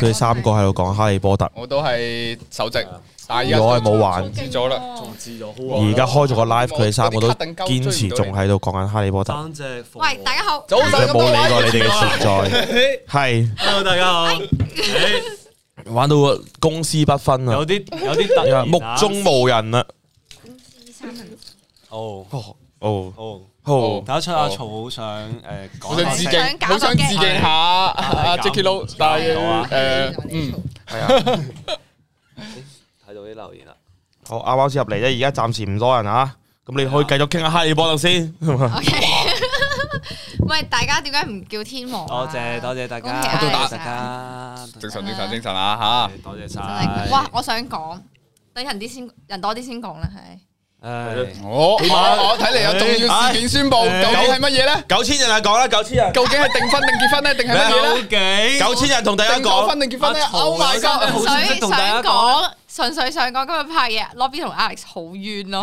佢哋三個喺度講哈利波特。我都係首席，我係冇玩咗啦，重置咗。而家開咗個 live，佢哋三個都堅持仲喺度講緊哈利波特。喂，大家好。早晨冇理過你哋嘅存在，係 是。Hello，大家好。欸、玩到公私不分啊！有啲有啲得意，目中無人啦。哦哦哦。好，睇得出阿曹想誒，好想致敬，好想致敬下阿 Jacky Lou 誒，係啊，睇到啲留言啦。好，阿 b o 入嚟咧，而家暫時唔多人啊，咁你可以繼續傾下哈利波特先。OK，喂，大家點解唔叫天王？多謝多謝大家，我到大家，精神精神精神啊吓，多謝晒。哇，我想講，等人啲先，人多啲先講啦，係。唉，我我睇嚟有重要事件宣布，究竟係乜嘢咧？九千人啊，講啦，九千人。究竟係訂婚定結婚咧，定係乜嘢咧？九千人同大家講，訂婚定結婚咧？歐弟，所以想講，純粹想講今日拍嘢，洛比同 Alex 好冤咯。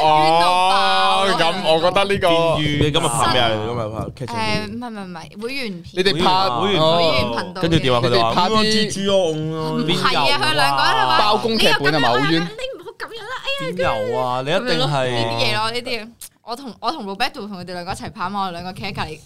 哦，咁我覺得呢個你今日拍咩啊？今日拍誒，唔係唔係唔係會員片。你哋拍會員會員頻道，跟住電話佢就話拍啲蜘蛛咯。唔係啊，佢兩個係話包公劇本啊，係咪好冤？咁樣啦，哎呀、欸啊，邊有啊？啊一一你一定係呢啲嘢咯，呢啲。我同我同 Roberto 同佢哋兩個一齊拍嘛，兩個企喺隔籬。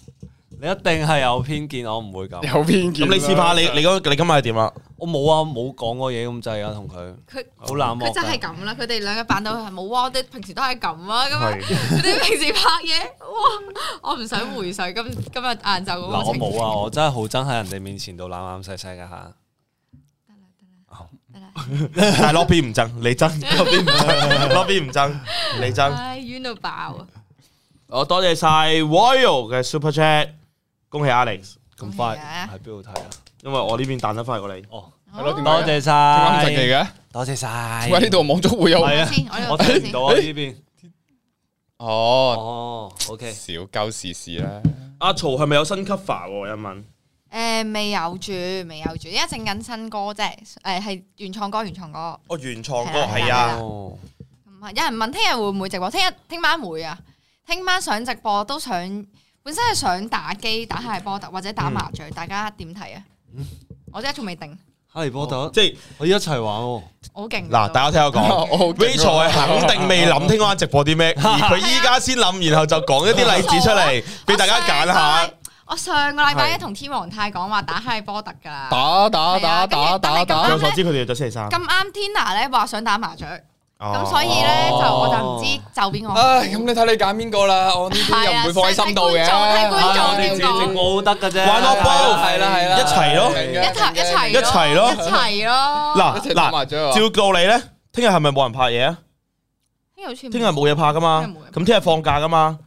你一定係有偏見，我唔會咁。有偏見，咁你試下你你今你今日係點啊？我冇她啊，冇講過嘢咁滯啊。同佢。佢好冷漠，真係咁啦。佢哋兩個扮到係冇啊，啲是、啊、平時都係咁啊，咁佢哋平時拍嘢，哇！我唔想回晒今今日晏晝嗰個。我冇啊，我真係好憎喺人哋面前度懶懶細細嘅吓。 係羅賓唔爭，你爭；羅賓唔爭，你爭。哎，冤得爆！我多謝晒 Woo 嘅 Super Chat，恭喜 Alex 咁快喺邊度睇啊？因為我呢邊彈得快過你哦，係咯？多謝晒，咁神奇嘅，多謝晒。喂，呢度網速會有？我睇唔到啊，我呢邊。哦哦，OK，少鳩試試啦。阿曹係咪有升級法？一問。誒，未有住，未有住，而家整緊新歌啫。誒，係原創歌，原創歌。哦，原創歌，係啊。唔係，有人問聽日會唔會直播？聽日、聽晚會啊。聽晚上直播都想，本身係想打機、打下《哈利波特》或者打麻雀。大家點睇啊？我而家仲未定。《哈利波特》即係我一齊玩喎。我好勁。嗱，大家聽我講，Rachel 肯定未諗聽晚直播啲咩，而佢依家先諗，然後就講一啲例子出嚟俾大家揀下。我上個禮拜一同天王泰講話打哈利波特噶啦，打打打打打。咁但知佢哋就咗星期三。咁啱，Tina 咧話想打麻雀，咁所以咧就我就唔知就邊個。唉，咁你睇你揀邊個啦，我呢啲又唔會放喺心度嘅。做睇官做呢個，我得嘅啫。玩多包，係啦係啦，一齊咯，一齊一齊一齊咯，一齊咯。嗱嗱，麻雀。照告你咧，聽日係咪冇人拍嘢啊？聽日聽日冇嘢拍噶嘛？咁聽日放假噶嘛？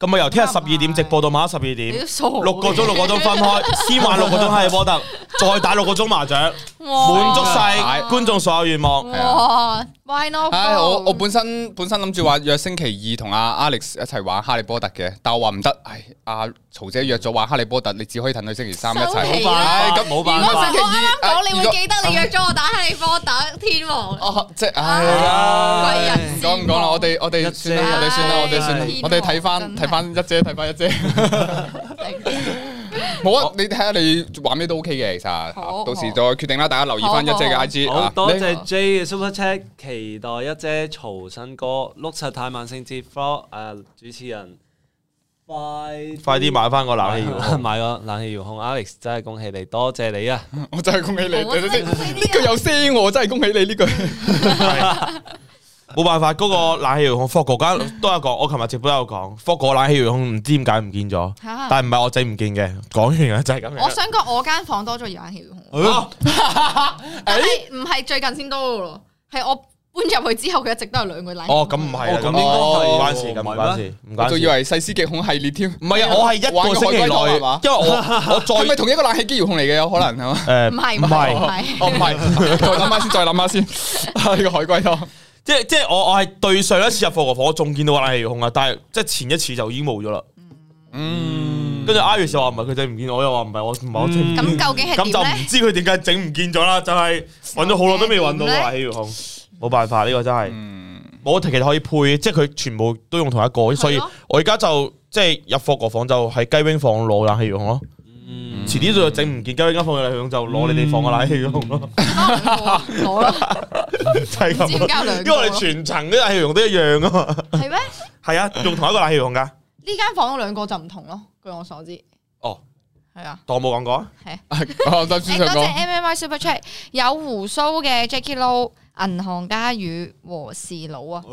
咁啊，由聽日十二點直播到晚黑十二點，六個鐘六個鐘分開，先玩六個鐘哈利波特，再打六個鐘麻雀，滿哇足晒觀眾所有願望。唉，我我本身本身諗住話約星期二同阿 Alex 一齊玩哈利波特嘅，但係我話唔得，唉，阿曹姐約咗玩哈利波特，你只可以等佢星期三一齊，好快，咁冇辦法。如果我啱啱講，你會記得你約咗我打哈利波特天王。哦，即係唉，講唔講啦？我哋我哋算啦，我哋算啦，我哋算啦，我哋睇翻睇翻一姐，睇翻一姐。冇啊，好，你睇下你玩咩都 OK 嘅。其實，到時再決定啦。大家留意翻一姐嘅 I G 啊，多謝 J 嘅 Super Chat，期待一姐嘈新歌。碌柒太萬聖節，for 誒主持人，快快啲買翻個冷氣遙控，買個冷氣遙控，控，控。Alex 真係恭喜你，多謝你啊！我真係恭喜你，呢句有聲，我真係恭喜你呢句又聲，我真係恭喜你呢句。冇辦法，嗰個冷氣遙控霍哥間都有講，我琴日直播都有講霍哥冷氣遙控唔知點解唔見咗，但係唔係我仔唔見嘅，講完就係咁樣。我想講我間房多咗個冷氣遙控，唔係最近先多咯，係我搬入去之後佢一直都係兩個冷氣遙控。哦，咁唔係，咁應該唔關事，唔關事，唔關。我仲以為細思極恐系列添，唔係啊，我係一個星期內，因為我再唔係同一個冷氣機遙控嚟嘅，有可能係嘛？誒，唔係唔係，哦唔係，再諗下先，再諗下先，呢個海龜湯。即係即係我我係對上一次入貨個房，我仲見到個冷氣遙控啊，但係即係前一次就已經冇咗啦。嗯，跟住 Iris 就話唔係佢整唔見，我又話唔係我唔係我。咁、嗯、究竟係點咧？咁就唔知佢點解整唔見咗啦，就係搵咗好耐都未搵到啊！冷氣遙控，冇辦法呢、這個真係。嗯、我其實可以配，即係佢全部都用同一個，的所以我而家就即係入貨個房就喺雞 wing 房攞冷氣遙控咯。嗯，遲啲就整唔見，交呢間房嘅冷氣用就攞你哋放個冷氣用咯，攞啦，係咁，因為你全層啲冷氣用都一樣啊，係咩？係啊，用同一個冷氣用噶，呢間房兩個就唔同咯。據我所知，哦，係啊，當我冇講過啊，係，多謝 M M I Super Chat，有鬍鬚嘅 Jacky Lou，銀行家與和事佬啊，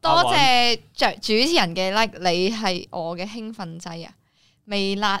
多謝著主持人嘅 like，你係我嘅興奮劑啊，微辣。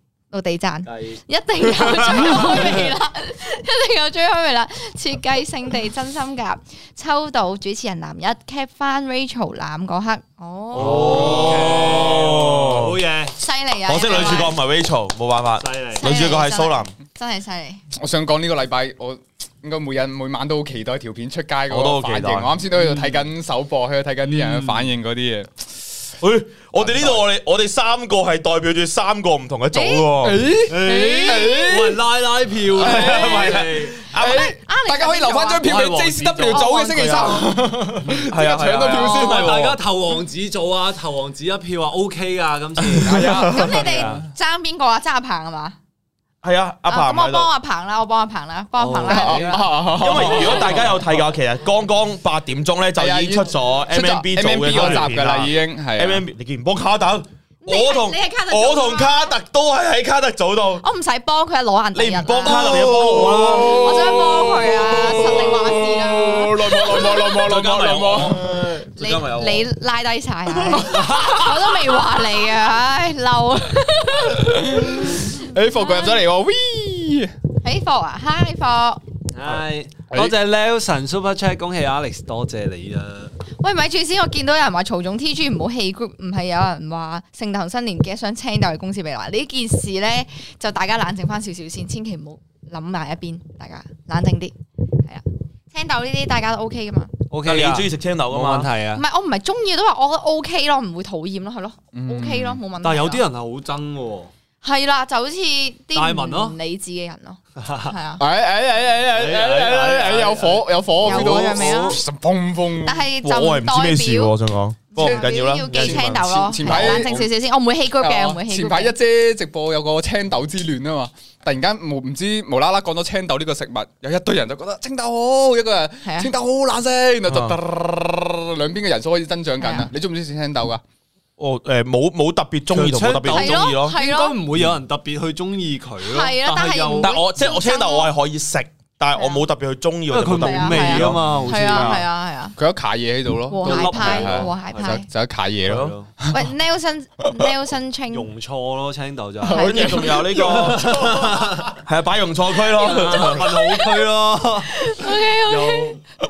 落地讚，一定有追開眉，啦，一定有追開眉啦！設計聖地，真心夾，抽到主持人男一，cap 翻 Rachel 攬嗰刻，哦，好嘢、哦，犀利、okay，啊！可惜女主角唔係 Rachel，冇辦法，犀利，女主角係蘇楠，真係犀利。我想講呢個禮拜，我應該每日每晚都好期待條片出街嗰個反應。我啱先都喺度睇緊首播，喺度睇緊啲人嘅反應嗰啲嘢。我哋呢度，我哋我哋三個係代表住三個唔同嘅組，我係拉拉票，係啊，阿阿玲，大家可以留翻張票俾 J C W 組嘅星期三，係啊，搶到票先，大家投王子組啊，投王子一票啊，OK 噶，咁，咁你哋爭邊個啊？爭阿彭啊嘛？係啊，阿鵬，咁我幫阿鵬啦，我幫阿鵬啦，幫阿鵬啦。因為，如果大家有睇嘅話，其實剛剛八點鐘咧就已經出咗 M M B 做嘅嗰集噶啦，已經係 M M B。你唔幫卡特，我同你我同卡特都係喺卡特組度。我唔使幫佢攞人，你唔幫卡特，你要幫我啦。我想幫佢啊，實力話事啦。你拉低晒我都未話你啊，唉，嬲。喜福入咗嚟喎，喜福啊，嗨福，係，多謝 Nelson Super Chat，恭喜 Alex，多謝你啊。喂，唔咪最先，我見到有人話曹總 T G 唔好棄 group，唔係有人話聖誕新年嘅想青豆嘅公司未來呢件事咧，就大家冷靜翻少少先，千祈唔好諗埋一邊，大家冷靜啲，係啊，青豆呢啲大家都 O K 噶嘛，O K 你中意食青豆噶嘛，冇啊，唔係我唔係中意都話我覺得 O K 咯，唔會討厭咯，係咯，O K 咯，冇問題。但係有啲人係好憎嘅。係啦，就好似啲唔理智嘅人咯，係啊，誒誒誒誒誒有火有火，有到係咪啊？砰砰！但係就代表，我想講唔緊要啦，要記青豆咯。冷靜少少先，我唔會 h e a 我唔會 heat g r o 前排一姐，直播有個青豆之亂啊嘛，突然間無唔知無啦啦講咗青豆呢個食物，有一堆人就覺得青豆好，一個人青豆好冷靜，然後兩邊嘅人數開始增長緊啦。你中唔中意食青豆噶？我誒，冇冇特別中意同冇特別唔中意咯，應該唔會有人特別去中意佢咯。但係但我即係我青豆我係可以食，但係我冇特別去中意，佢冇特別味㗎嘛。係啊係啊係啊，佢一卡嘢喺度咯，一粒就一卡嘢咯。喂，Nelson，Nelson 青用錯咯，青豆就，跟住仲有呢個，係啊，擺用錯區咯，就問區咯。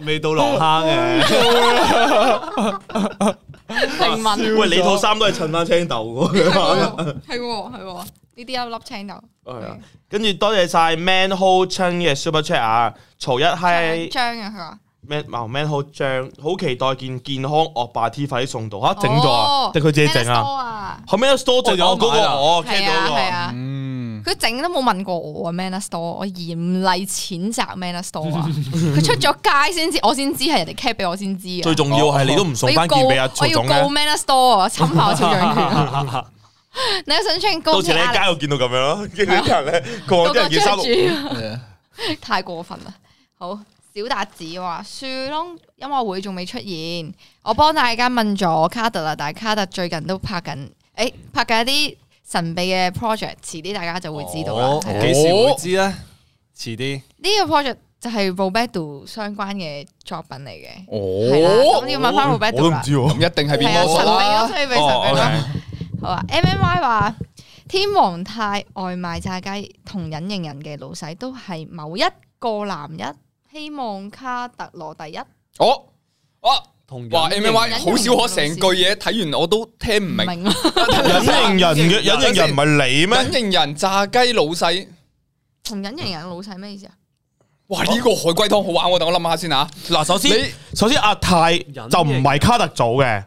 未到落坑嘅。平民，喂，喂，你套衫都係襯翻青豆嘅，係喎，係喎，呢啲一粒青豆。係啊，跟住多謝晒 Manhole Ching 嘅 Super Chat 啊，曹一係張啊，佢話，Man Manhole Ching，好期待見健康惡霸 T 粉送到，吓，整咗啊，定佢自己整啊？後尾有 store 有嗰個我聽到個。佢整都冇問過我啊！Manner Store 我嚴厲譴責 Manner Store 啊！佢出咗街先知，我先知係人哋 cap 俾我先知啊！最重要係你都唔送翻件俾阿我要告 Manner Store 啊！ 侵犯我肖像權啊。你想唱歌？腰？到時喺街度見到咁樣咯，啲人咧佢話一件衫太過分啦！好小達子話樹窿音樂會仲未出現，我幫大家問咗卡特啦，但係卡特最近都拍緊，誒、欸、拍緊一啲。神秘嘅 project，遲啲大家就會知道啦。幾時會知咧？遲啲呢個 project 就係 Roberto 相關嘅作品嚟嘅。哦，咁要問翻 Roberto 唔知唔一定係邊個神秘咯，所以畀神秘。好啊，M M Y 話天王太、外賣炸雞同隱形人嘅老細都係某一個男人，希望卡特羅第一。哦，啊。同你 Mmy，好少可成句嘢睇完我都聽唔明。隱形人嘅隱形人唔係你咩？隱形人炸雞老細，同隱形人老細咩意思啊？哇！呢個海龜湯好玩喎，等我諗下先吓。嗱，首先首先阿泰就唔係卡特組嘅，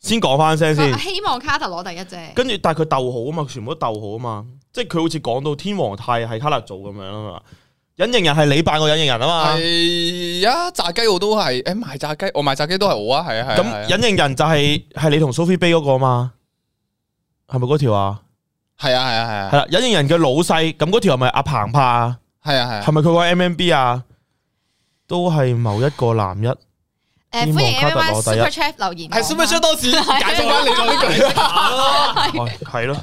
先講翻聲先。希望卡特攞第一啫。跟住但係佢逗號啊嘛，全部都逗號啊嘛，即係佢好似講到天王泰係卡特組咁樣啊嘛。隱形人係你扮個隱形人啊嘛，係啊，炸雞我，欸、炸雞我炸雞都係，誒賣炸雞我賣炸雞都係我啊，係啊係。咁隱、啊啊、形人就係、是、係你同 Sophie B 嗰個啊嘛，係咪嗰條啊？係啊係啊係啊。係啦、啊，隱、啊、形人嘅老細，咁嗰條係咪阿鵬怕、啊？係啊係。係咪佢個 M M B 啊？都係某一個男一。歡迎 super chat 留言。係 super chat 多謝，解釋解你呢句。係係咯，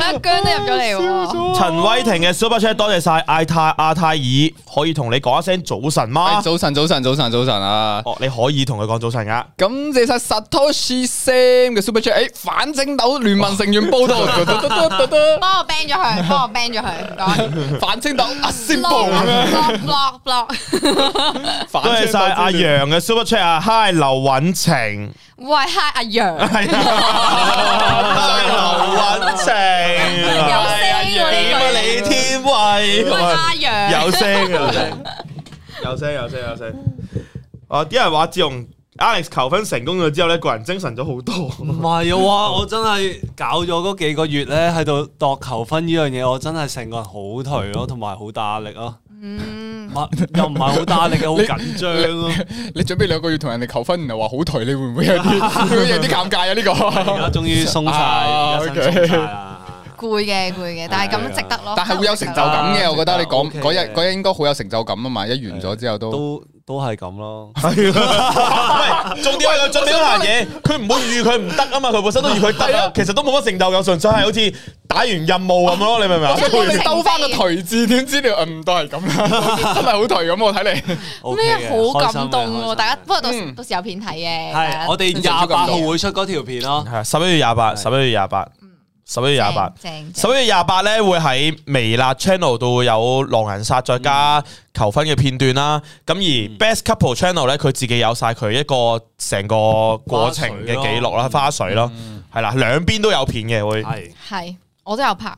阿姜都入咗嚟。陳偉霆嘅 super chat 多謝晒艾泰阿泰爾，可以同你講一聲早晨嗎？早晨早晨早晨早晨啊！哦，你可以同佢講早晨噶。感謝 Satoshi Sam 嘅 super chat，誒，反正鬥聯盟成員報到。幫我 ban 咗佢，幫我 ban 咗佢。反清鬥。block block block。多謝晒阿楊。楊嘅 Super Chat 啊，Hi 劉蘊晴，喂 Hi 阿楊，係啊，Hi 劉蘊晴，有聲啊，點啊李天偉，阿沙楊，有聲有聲有聲有聲有聲，啊啲人話自從 Alex 求婚成功咗之後咧，個人精神咗好多，唔係啊哇，我真係搞咗嗰幾個月咧，喺度度求婚呢樣嘢，我真係成個人好頹咯，同埋好大壓力咯。嗯，又唔係好大力嘅，好緊張，你準備兩個月同人哋求婚，而話好頹，你會唔會有 會會有啲尷尬啊？呢個而家終於鬆曬，攰嘅，啊，攰，okay，嘅，但係咁值得咯。 但係會有成就感嘅，啊，我覺得你講嗰日嗰日應該好有成就感啊嘛。一完咗之後都。嗯都都係咁咯，重點係佢做每一樣嘢，佢唔會預佢唔得啊嘛，佢本身都預佢得啊，其實都冇乜成就，又純粹係好似打完任務咁咯，你明唔明啊？即係你兜翻個頹字，點知你嗯都係咁啊，真係好頹咁，我睇嚟。咩好感動啊？大家不過到到時有片睇嘅，係我哋廿八號會出嗰條片咯，係十一月廿八，十一月廿八。十一月廿八，十一月廿八咧，會喺微辣 channel 度有狼人殺再加求婚嘅片段啦。咁而 Best Couple channel 咧，佢自己有晒佢一個成個過程嘅記錄啦，花絮咯，係啦，兩邊都有片嘅會、嗯。係，我都有拍。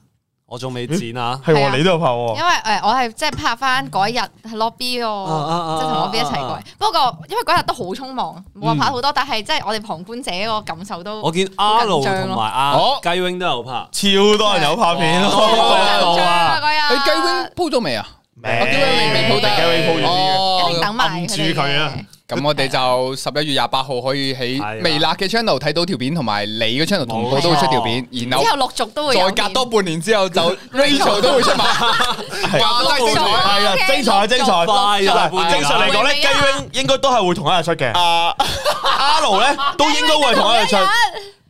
我仲未剪啊！係喎，你都有拍喎。因為誒，我係即係拍翻嗰日係 Lobby 哦，即係同 Lobby 一齊過嚟。不過因為嗰日都好匆忙，冇話拍好多。但係即係我哋旁觀者個感受都我見阿 Lou 同埋阿雞 Wing 都有拍，超多人有拍片咯。阿 Lou 啊，你雞 Wing 鋪咗未啊？雞 Wing 未鋪得，雞 Wing 鋪咗啲，等埋住佢啊！咁我哋就十一月廿八號可以喺微辣嘅 channel 睇到條片，同埋你嘅 channel 同步都會出條片，然後之後陸續都會再隔多半年之後就 Rachel 都會出埋，係啊精彩精彩，正常嚟講咧 Gavin 應該都係會同一日出嘅，阿阿 Lou 咧都應該會同一日出。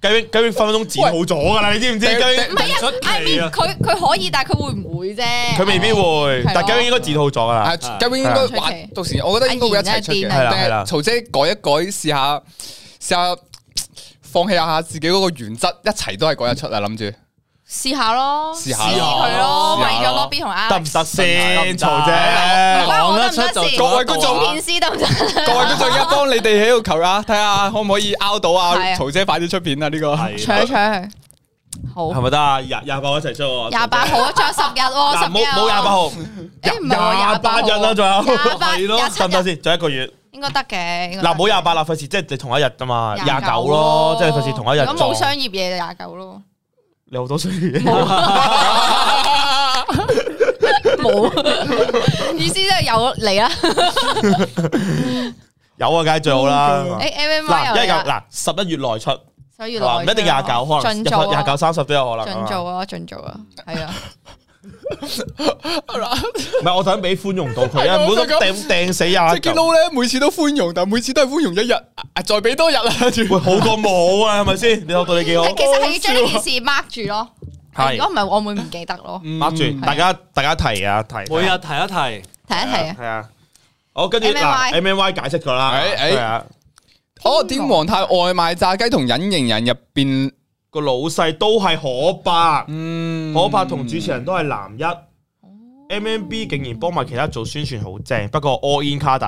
究竟分分鐘剪好咗噶啦，喂，你知唔知？唔係啊，I mean, 佢佢可以，但係佢會唔會啫？佢未必會，嗯、但究竟應該剪好咗噶啦。究竟、啊、的應該話奇、啊、到時，我覺得應該會一齊出嘅。定係、啊、曹姐改一改，試下試下放棄下自己嗰個原則一齊都係改一出啊，諗住、嗯。試下咯，試下佢咯，咪咗 Lobby 同 Alex。得唔得先？曹姐，唔得出先。各位觀眾片試得唔得？各位觀眾，而家幫你哋喺度求啦，睇下可唔可以拗到啊？曹姐，快啲出片啊！呢個。搶一搶佢，好係咪得啊？廿廿八一齊出喎，廿八號仲有十日喎，冇廿八號，廿八日啦，仲有，廿七日得唔得先？仲一個月，應該得嘅。嗱，冇廿八啦，費事即係就同一日噶嘛，廿九咯，即係費事同一日。咁冇商業嘢就廿九咯。你好多衰嘢、啊，冇，意思即係有嚟啊， 有啊，梗係最好、嗯欸啊、啦，誒，M M I 又啦，廿九嗱，十一月內出，十一月內唔一定廿九，可能廿九三十都有可能，盡做啊，盡做啊，係啊。吧 唔係，我想俾寬容到佢啊！唔好咁掟死啊！即係見到咧，每次都寬容，但係每次都係寬容一日，再俾多日啦，仲會好過冇啊？係咪先？你我對你幾好？其實係要將件事 mark 住咯，係如果唔係，我會唔記得咯。mark 住，大家大家提啊提，每日提一提，提一提啊！係啊，我跟住啦，MMY 解釋過啦，係啊，哦，天皇太外賣炸雞同隱形人入邊。個老細都係可柏，可柏同主持人都係男一，M M B 竟然幫埋其他做宣傳好正。不過阿 In 卡特，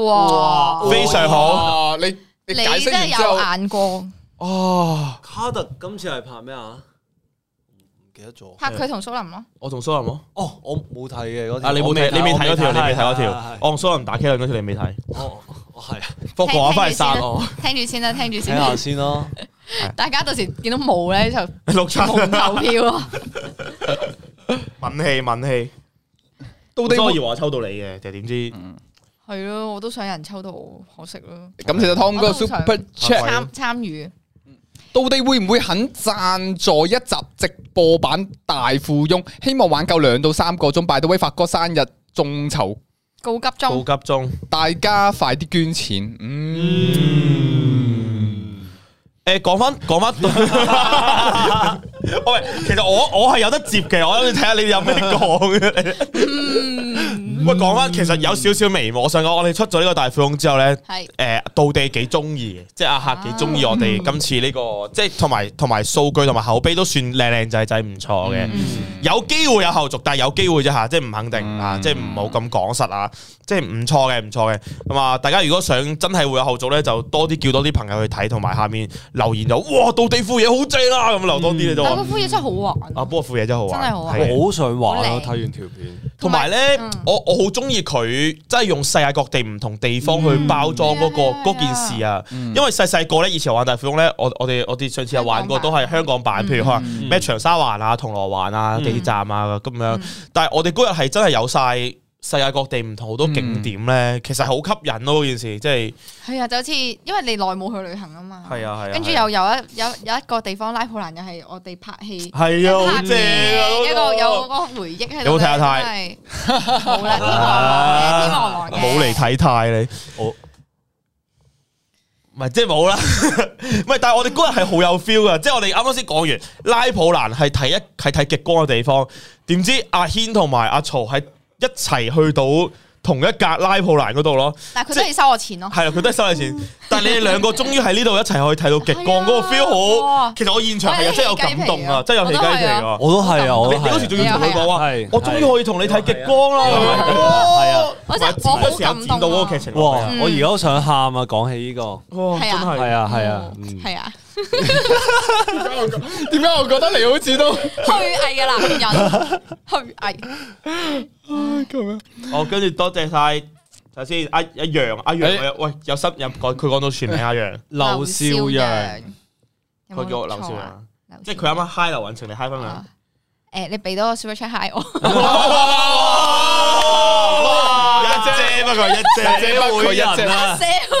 哇非常好，你你解釋完之後，你真係有眼光。哦，卡特今次係拍咩啊？唔記得咗，拍佢同蘇林咯。我同蘇林咯。哦，我冇睇嘅嗰條，你未你未睇嗰條，你未睇嗰條。哦，蘇林打 K 嗰條你未睇。哦，係啊，不過我翻嚟殺我。聽住先啦，聽住先。睇下先咯。 大家到時見到冇咧就六七投票，悶氣悶氣。氣，到底我抽到你嘅，就點知？係 咯， 我都想有人抽到，可惜咯。咁 其實湯哥 super chat 參參與，到底會唔會肯贊助一集直播版大富翁？希望玩夠兩到三個鐘，拜到威發哥生日眾籌。告急中，告急中，急中大家快啲捐錢。嗯。 誒，講翻講翻，喂， 其實我我係有得接嘅，我諗你睇下你有咩講嘅。喂、嗯，講翻， 其實有少少眉目。我想講，我哋出咗呢個大富翁之後咧，係誒是，到底幾中意即係阿客幾中意我哋、啊、今次呢、這個，即係同埋同埋數據同埋口碑都算靚靚仔仔唔錯嘅，有機會有後續，但係有機會啫吓，即係唔肯定啊，即係唔好咁講實啊。即係唔錯嘅，唔錯嘅。咁啊，大家如果想真係會有後續咧，就多啲叫多啲朋友去睇，同埋下面留言就哇，到地副嘢好正啦，咁留多啲咧就。但係副嘢真係好玩。啊，不過副嘢真係好玩。真係好好想玩啊！睇完條片，同埋咧，我我好中意佢，真係用世界各地唔同地方去包裝嗰個件事啊。因為細細個咧，以前玩大富翁咧，我我哋我哋上次又玩過，都係香港版，譬如話咩長沙灣啊、銅鑼灣啊、地鐵站啊咁樣。但係我哋嗰日係真係有晒。世界各地唔同好多景點咧，其實好吸引咯。件事即係係啊，就好似因為你耐冇去旅行啊嘛。係啊係啊，跟住又有一有有一個地方拉普蘭又係我哋拍戲，係啊好正咯，一個有嗰個回憶喺度。有冇睇阿泰？冇嚟，睇泰你，我唔係即係冇啦。唔係，但係我哋嗰日係好有 feel 噶，即係我哋啱啱先講完拉普蘭係睇一係睇極光嘅地方，點知阿軒同埋阿曹喺一齊去到同一格拉普蘭嗰度咯，但係佢都係收我錢咯。係啊，佢都係收你錢。但係你哋兩個終於喺呢度一齊可以睇到極光嗰個 feel 好。其實我現場係真係有感動啊，真係有起雞皮㗎，我都係啊。我嗰時仲要同佢講話，我終於可以同你睇極光啦。哇！我真係好感動。哇！我而家都想喊啊，講起呢個，係啊，係啊，係啊，係啊。點 解我覺得你好似都虛偽嘅男人？虛偽咁樣。好、哎，跟住多謝晒。首先、哎，阿阿楊，阿楊，喂，有心人講，佢講到全名阿楊，劉、啊、 少陽。佢叫劉少陽，即係佢啱啱嗨劉蘊晴你嗨 i g 翻未？誒，你俾多、啊、個 super chat high 我。一姐，不過一姐會人。啊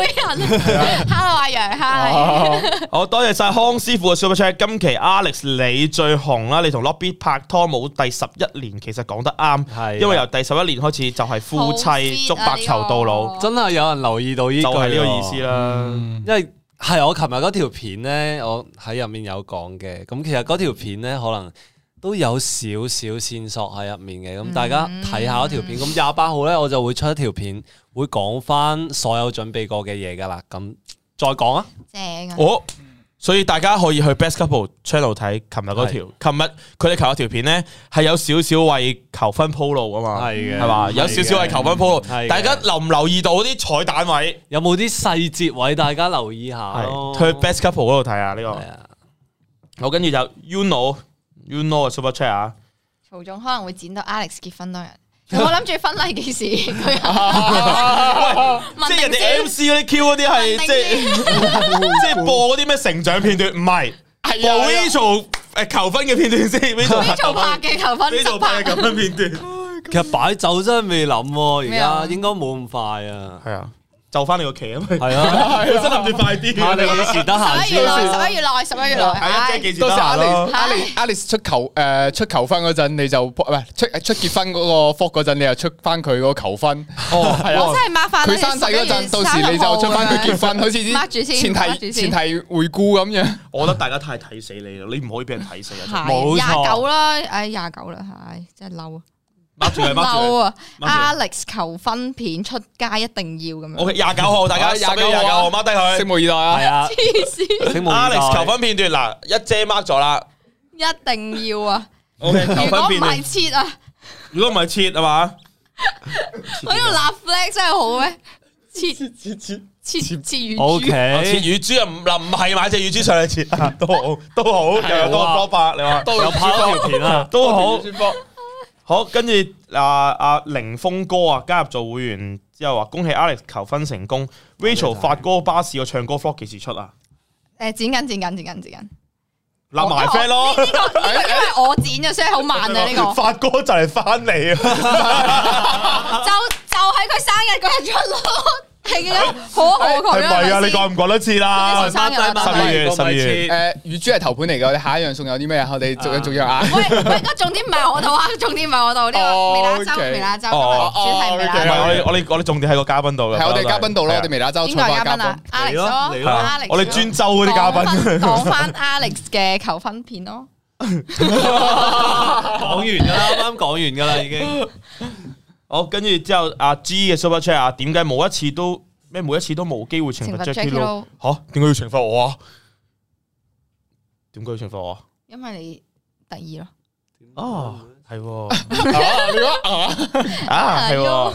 h e l l o 阿楊，係，我多謝晒康師傅嘅 super chat，今期 Alex 你最紅啦，你同 Lobby 拍拖冇第十一年，其實講得啱，係的，因為由第十一年開始就係夫妻足白頭到老，這個，真係有人留意到呢句，就係呢個意思啦，嗯。因為係我琴日嗰條片咧，我喺入面有講嘅，咁其實嗰條片咧可能。都有少少線索喺入面嘅，咁大家睇下嗰條片。咁廿八號呢，我就會出一條片，會講返所有準備過嘅嘢噶啦。咁再講啊，哦，所以大家可以去 Best Couple Channel 睇琴日嗰條，琴日佢哋求一條片呢，係有少少為求婚鋪路啊嘛，係嘅的，係嘛，有少少為求婚鋪路。大家留唔留意到啲彩蛋位？的有冇啲細節位？大家留意下，去 Best Couple 度睇下呢個。好，跟住就 Uno。You know super chat 啊？曹總可能會剪到 Alex 結婚當日。我諗住婚禮幾時？即係人哋 M C 嗰啲 Q 嗰啲係，即係即係播嗰啲咩成長片段？唔係，係做誒求婚嘅片段先，a 做拍嘅求婚，a 做拍嘅求婚片段。其實擺酒真係未諗，而家應該冇咁快啊。係啊。就翻你個期啊嘛，係啊，真諗住快啲。幾時得閒先？十一月內，十一月內。係即係幾時得閒咯？Alice 出求誒出求婚嗰陣你就，唔出出結婚嗰個復嗰陣，你又出翻佢嗰個求婚。哦，真係麻煩。佢生仔嗰陣，到時你就出翻佢結婚，好似先前提前提回顧咁樣。我覺得大家太睇死你啦，你唔可以俾人睇死啊！冇錯。廿九啦，唉，廿九啦，唉，真係嬲啊！mark 住係 mark 住啊！Alex 求婚片出街一定要咁樣。O K，廿九號，大家廿九號 mark 低佢，拭目以待啊！係啊，Alex 求婚片段嗱，一姐 mark 咗啦，一定要啊！O K，如果唔係切啊，如果唔係切係嘛？我呢度立 flag 真係好咩？切切切切切乳豬，O K，切乳豬啊！嗱，唔係買隻乳豬上來切都好，都好，又有好多方法，你話？又拍多條片啊，都好。好，跟住阿阿凌峰哥啊，加入做會員之後話，恭喜 Alex 求婚成功。Rachel 發、喔就是、哥巴士個唱歌 vlog 幾時出啊？誒、呃，剪緊剪緊剪緊剪緊，立埋聲咯。因為我，我，因為我剪咗聲好慢啊，呢個發哥 就係翻嚟啊，就就喺佢生日嗰日出咯。 係啊，好好佢啊！你講唔講得切啦？三八、八、八月、十二月。誒，乳豬係頭盤嚟嘅，你下一樣餸有啲咩啊？我哋仲有，仲有啊！唔係唔係，個重點唔係我度啊，重點唔係我度。呢個微辣周、微辣周，主係我哋，我哋，我哋重點係個嘉賓度嘅。係我哋嘉賓度咯，我哋微辣周。邊個嘉賓啊？Alex 我哋專州嗰啲嘉賓。講翻 Alex 嘅求婚片咯。講完㗎啦，啱啱講完㗎啦，已經。好，跟住之後阿 G 嘅 super chat 啊，點解每一次都咩？每一次都冇機會懲罰 Jackie 咯？吓，點解要懲罰我啊？點解要懲罰我、啊？因為你得意咯。啊、哦，係。 啊，係、 啊。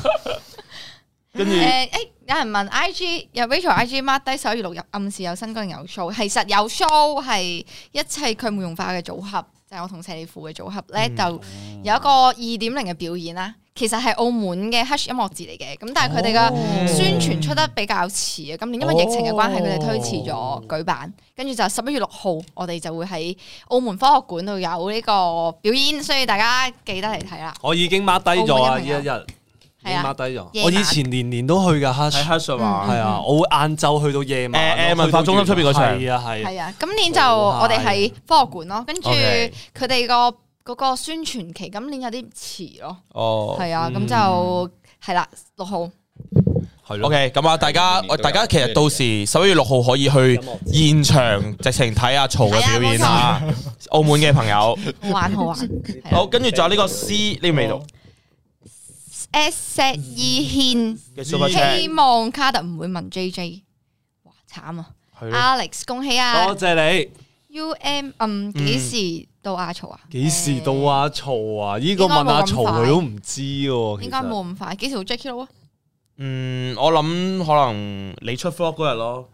跟住、哦，誒，有人問 I G 又 Rachel I G mark 低十一月六日，暗示有新歌有 show，其實有 show 係一切佢冇用化嘅組合。就係我同謝利夫嘅組合咧，就有一個二點零嘅表演啦。其實係澳門嘅 Hush 音樂節嚟嘅，咁但係佢哋嘅宣傳出得比較遲啊。今年因為疫情嘅關係，佢哋推遲咗舉辦。跟住就十一月六號，我哋就會喺澳門科學館度有呢個表演，所以大家記得嚟睇啦。我已經抹低咗呢一日。夜晚我以前年年都去噶，Hush 係啊，我會晏晝去到夜晚。誒文化中心出邊個場啊係。係啊，今年就我哋喺科學館咯，跟住佢哋個嗰個宣傳期，今年有啲遲咯。哦，係啊，咁就係啦，六號。係 O K，咁啊，大家，大家其實到時十一月六號可以去現場直情睇阿曹嘅表演啊！澳門嘅朋友，好玩好玩。好，跟住仲有呢個 C 呢味道。S. E. 軒，希望卡特唔會問 J. J. 哇慘啊！Alex 恭喜啊，多謝你。U. M. 嗯，幾時到阿曹啊？幾時到阿曹啊？呢個問阿曹佢都唔知哦，應該冇咁快。幾時到 Jacky 咯？嗯，我諗可能你出 Vlog 嗰日咯。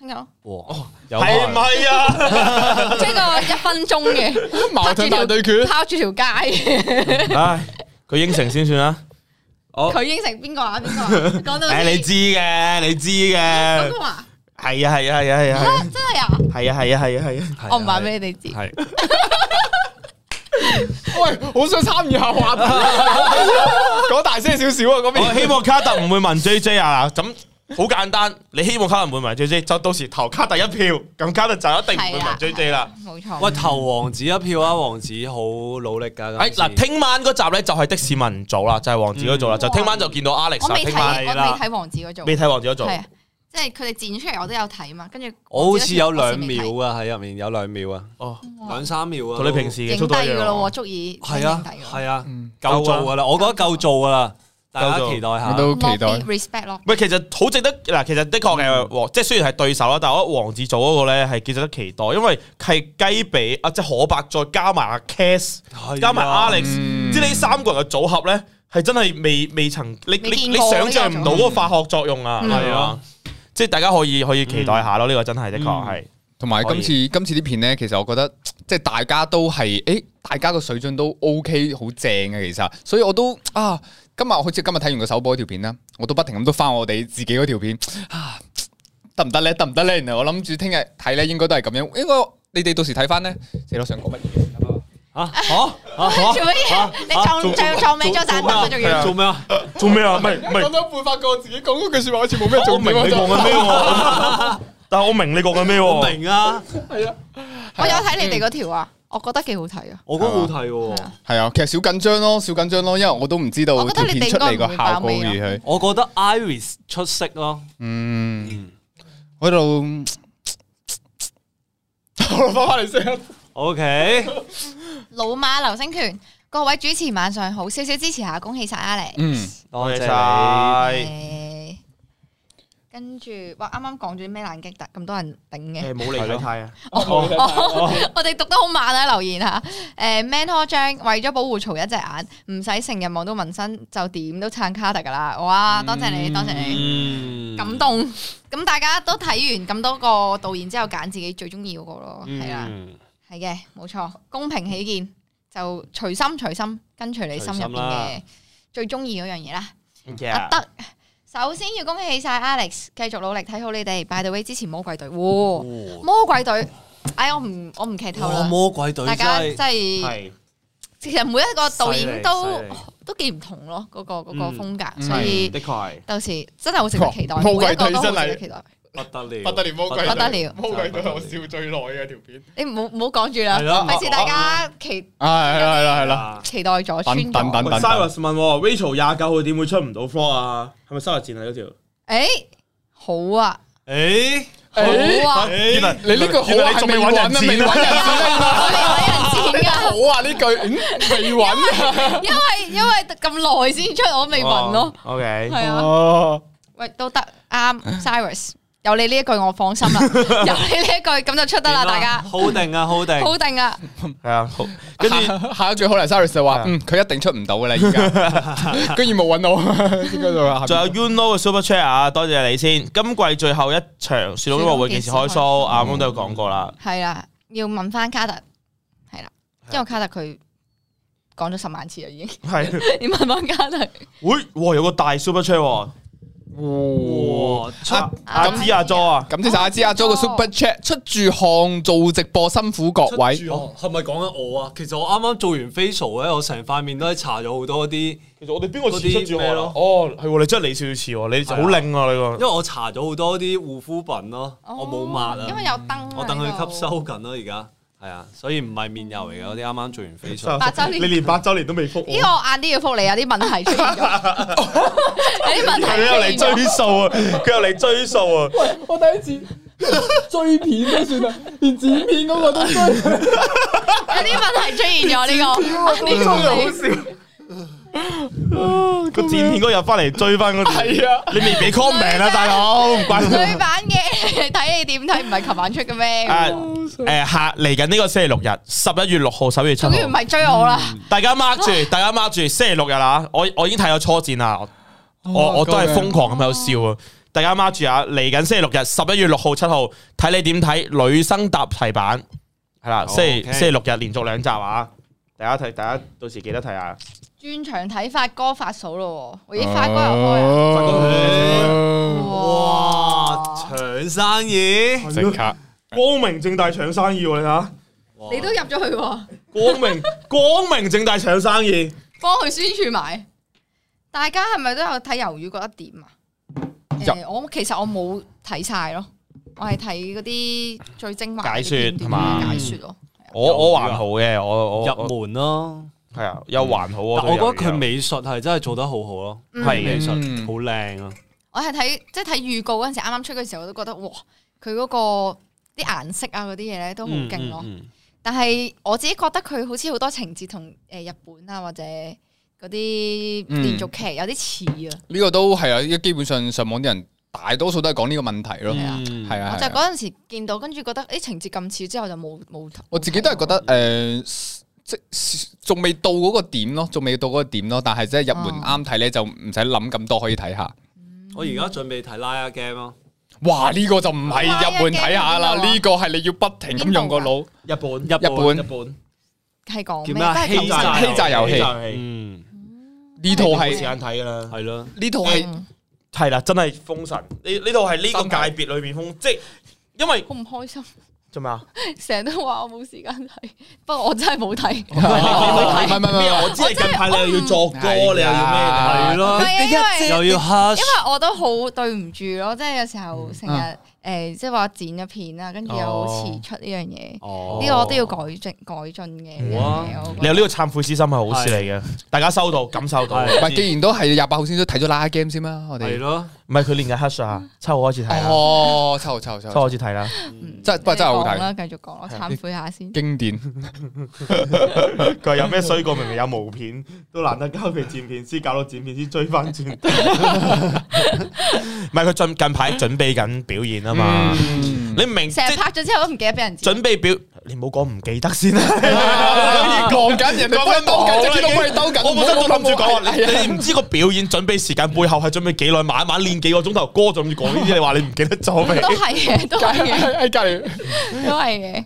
有哇？有係唔係啊？呢個一分鐘嘅矛盾大對決，拋住條街。唉！佢應承先算啦，佢應承邊個啊？邊個？講到，誒，你知嘅，你知嘅，係啊，係啊，係啊，係啊，真係啊，係啊，係啊，係啊，係啊，我唔話畀你知。喂，好想參與下話，講大聲少少啊！嗰邊，我希望卡特唔會問 JJ 啊，咁？好簡單，你希望卡文唔會民追追，就到時投卡第一票，咁卡得就一定唔會民追追啦。冇錯，喂，投王子一票啊！王子好努力噶。哎，嗱，聽晚嗰集咧就係的士民做啦，就係王子嗰做啦，就聽晚就見到 Alex 啦。我未睇，我未睇王子嗰做，未睇王子嗰做，即係佢哋剪出嚟，我都有睇嘛。跟住我好似有兩秒啊，喺入面有兩秒啊，哦，兩三秒啊，同你平時出到一樣。夠底噶足以係啊，係啊，夠做噶啦，我覺得夠做噶啦。大家期待下，我都期待 respect 咯。喂，其實好值得嗱。其實的確係王，即係雖然係對手啦，但係我王子組嗰個咧係幾值得期待，因為係雞髀，阿即係可伯再加埋阿 Cass 加埋 Alex，即係呢三個人嘅組合咧係真係未未曾，你你你想像唔到嗰個化學作用啊，係啊，即係大家可以可以期待下咯。呢個真係的確係，同埋今次今次啲片咧，其實我覺得即係大家都係誒，大家個水準都 OK，好正嘅其實，所以我都啊。今日好似今日睇完個首播條片啦，我都不停咁都翻我哋自己嗰條片啊，得唔得咧？得唔得咧？原來我諗住聽日睇咧，應該都係咁樣。應該你哋到時睇翻咧，死佬想講乜嘢？啊做乜嘢？你撞撞撞尾咗盞燈，做乜嘢？做咩啊？做咩啊？唔係唔係講咗一半，發覺自己講嗰句說話好似冇咩做明你講緊咩？但係我明你講緊咩？我明啊，係啊，我有睇你哋嗰條啊。我覺得幾好睇吧吧啊！我覺得好睇喎，係啊，其實小緊張咯，小緊張咯，因為我都唔知道變出嚟個效果而佢。我覺得 Iris 出色咯，嗯，我喺度， 我翻翻嚟先，OK 老馬劉星權，各位主持晚上好，少少支持下，恭喜晒阿、嗯、你，嗯，多謝。多謝跟住，哇！啱啱講咗啲咩爛激，但咁多人頂嘅，冇理嚟咯。哦、 我哋讀得好慢啊！留言吓，誒，Man 張為咗保護曹一隻眼，唔使成日望到紋身，就點都撐卡特噶啦！哇、嗯，嗯、多謝你，多謝你，感動。咁 大家都睇完咁多個導演之後，揀自己最中意嗰個咯，係啦、嗯，係嘅，冇錯，公平起見，嗯、就隨心隨心跟隨你心入邊嘅最中意嗰樣嘢啦。阿德。Yeah. 啊首先要恭喜晒 Alex，繼續努力，睇好你哋。By the way，之前魔鬼隊，魔鬼隊，哎，我唔，我唔劇透啦。魔鬼隊，大家即係其實每一個導演都都幾唔同咯，嗰個嗰個風格。所以，的確，到時真係好值得期待。魔鬼隊真係期待不得了，不得了，魔鬼不得了。魔鬼隊我笑最耐嘅條片，你唔好唔好講住啦。下次大家期係啦係啦，期待咗。等等等等。Sylvus 問 Rachel 廿九號點會出唔到方啊？係咪收入錢啊？嗰條誒，好啊，誒、欸，好啊、欸，你呢句好你，你仲未搵錢啊？未搵 人，好啊，呢句未搵，因為因為咁耐先出，我未搵咯。OK，係啊，哦、喂，都得啱，Cyrus。有你呢一句我放心啦，有你呢一句咁就出得啦，喲大家。好定啊，好定。好定啊。係啊， 跟住下一句好難，sorry 就話，嗯，佢一定出唔到噶啦，而家。居然冇揾到，應該仲有 UNO 嘅 Super Chat 啊，多謝你先。今季最後一場雪，雪佬呢個會幾時開 show？阿 moon 都有講過啦。係啦、嗯，要問翻卡特，係啦，的因為卡特佢講咗十萬次啊，已經。係的。 要問翻卡特。喂、哎，哇，有個大 Super Chat 喎。哇！阿阿芝阿莊啊，咁先查阿芝阿莊個 super chat 出住汗，做直播辛苦，各位，係咪講緊我啊？其實我啱啱做完 facial 咧，我成塊面都係搽咗好多啲。其實我哋邊個似出住汗咯？哦，係你真係你少少似，你好靚啊你個，因為我搽咗好多啲護膚品咯，我冇抹啊，因為有燈，我等佢吸收緊咯而家。係啊，所以唔係面油嚟嘅，我哋啱啱做完 Facebook。你連八周年都未覆，呢個晏啲要覆你，有啲問題出現咗，有啲 問題。你又嚟追數啊！佢 又嚟追數啊！ 喂，我第一次追片都算啦，連剪片嗰個都追，有啲 問題出現咗呢個呢 呢個。 個戰片嗰日翻嚟追翻嗰啲，係啊！你未俾 comment 啊，大佬唔怪得。追版嘅睇你點睇，唔係琴晚出嘅咩？誒下嚟緊呢個星期六日，十一月六號、十一月七號。唔係追我啦！大家 mark 住，大家 mark 住，星期六日啦！我我已經睇咗初戰啦，我我都係瘋狂咁有笑啊！大家 mark 住啊，嚟緊星期六日，十一月六號、七號，睇你點睇。女生答題版係啦，星期星期六日連續兩集啊！大家睇，大家到時記得睇下。專場睇發哥發嫂咯，咦發哥又開，哦、哇，搶生意，光明正大搶生意，你睇下，你都入咗去，光明光明正大搶生意，幫佢宣傳埋，大家係咪都有睇魷魚覺得點啊？誒入、欸，我其實我冇睇晒咯，我係睇嗰啲最精華解說同埋解說咯，嗯啊、我我還好嘅，我我入門咯。係啊，又還好啊！我，我覺得佢美術係真係做得好好咯，係、嗯、美術好靚咯。嗯、我係睇即係睇預告嗰陣時，啱啱出嘅時候，我都覺得哇，佢嗰個啲顏色啊嗰啲嘢咧都好勁咯。嗯嗯、但係我自己覺得佢好似好多情節同誒、呃、日本啊或者嗰啲連續劇有啲似啊。呢、嗯、個都係啊，因為基本上上網啲人大多數都係講呢個問題咯。係、嗯、啊，係啊，啊啊就嗰陣時見到，跟住覺得啲情節咁似，之後就冇冇。我自己都係覺得誒。嗯嗯即仲未到嗰個點咯，仲未到嗰個點咯，但係即係入門啱睇咧就唔使諗咁多，可以睇下。我而家準備睇《Liar Game》咯。哇！呢個就唔係入門睇下啦，呢個係你要不停咁用個腦。日本，日本，日本係講咩？欺詐欺詐遊戲。嗯，呢套係時間睇噶啦，係咯。呢套係係啦，真係封神。呢呢套係呢個界別裏邊封，即係因為好唔開心。做咩啊？成日都話我冇時間睇，不過我真係冇睇。唔唔係唔係，我知係近排你又要作歌，你又要咩？睇咯，一又要下。啊、要因為我都好對唔住咯，即係有時候成日、嗯。嗯。誒，即係話剪咗片啦，跟住又遲出呢樣嘢，呢個我都要改進改進嘅。你有呢個懺悔之心係好事嚟嘅，大家收到感受到。既然都係廿八號先都睇咗《拉 Game》先啦，我哋係咯，唔係佢練緊黑 s i 啊，七號開始睇啦。哦，七號，七號，七號開始睇啦。真係好睇？繼續講啦，繼續講咯，懺悔下先。經典。佢話有咩衰過？明明有毛片都難得交俾剪片師，搞到剪片師追翻轉。唔係佢近近排準備緊表演啦。嘛，你唔明？成日拍咗之後都唔記得俾人準備表，你唔好講唔記得先啦。講緊人哋幫你兜緊，即係幫你兜緊。我本身都諗住講話，你你唔知個表演準備時間背後係準備幾耐，晚晚練幾個鐘頭，歌仲要講呢啲，你話你唔記得咗咩？都係嘅，都係嘅，都係嘅。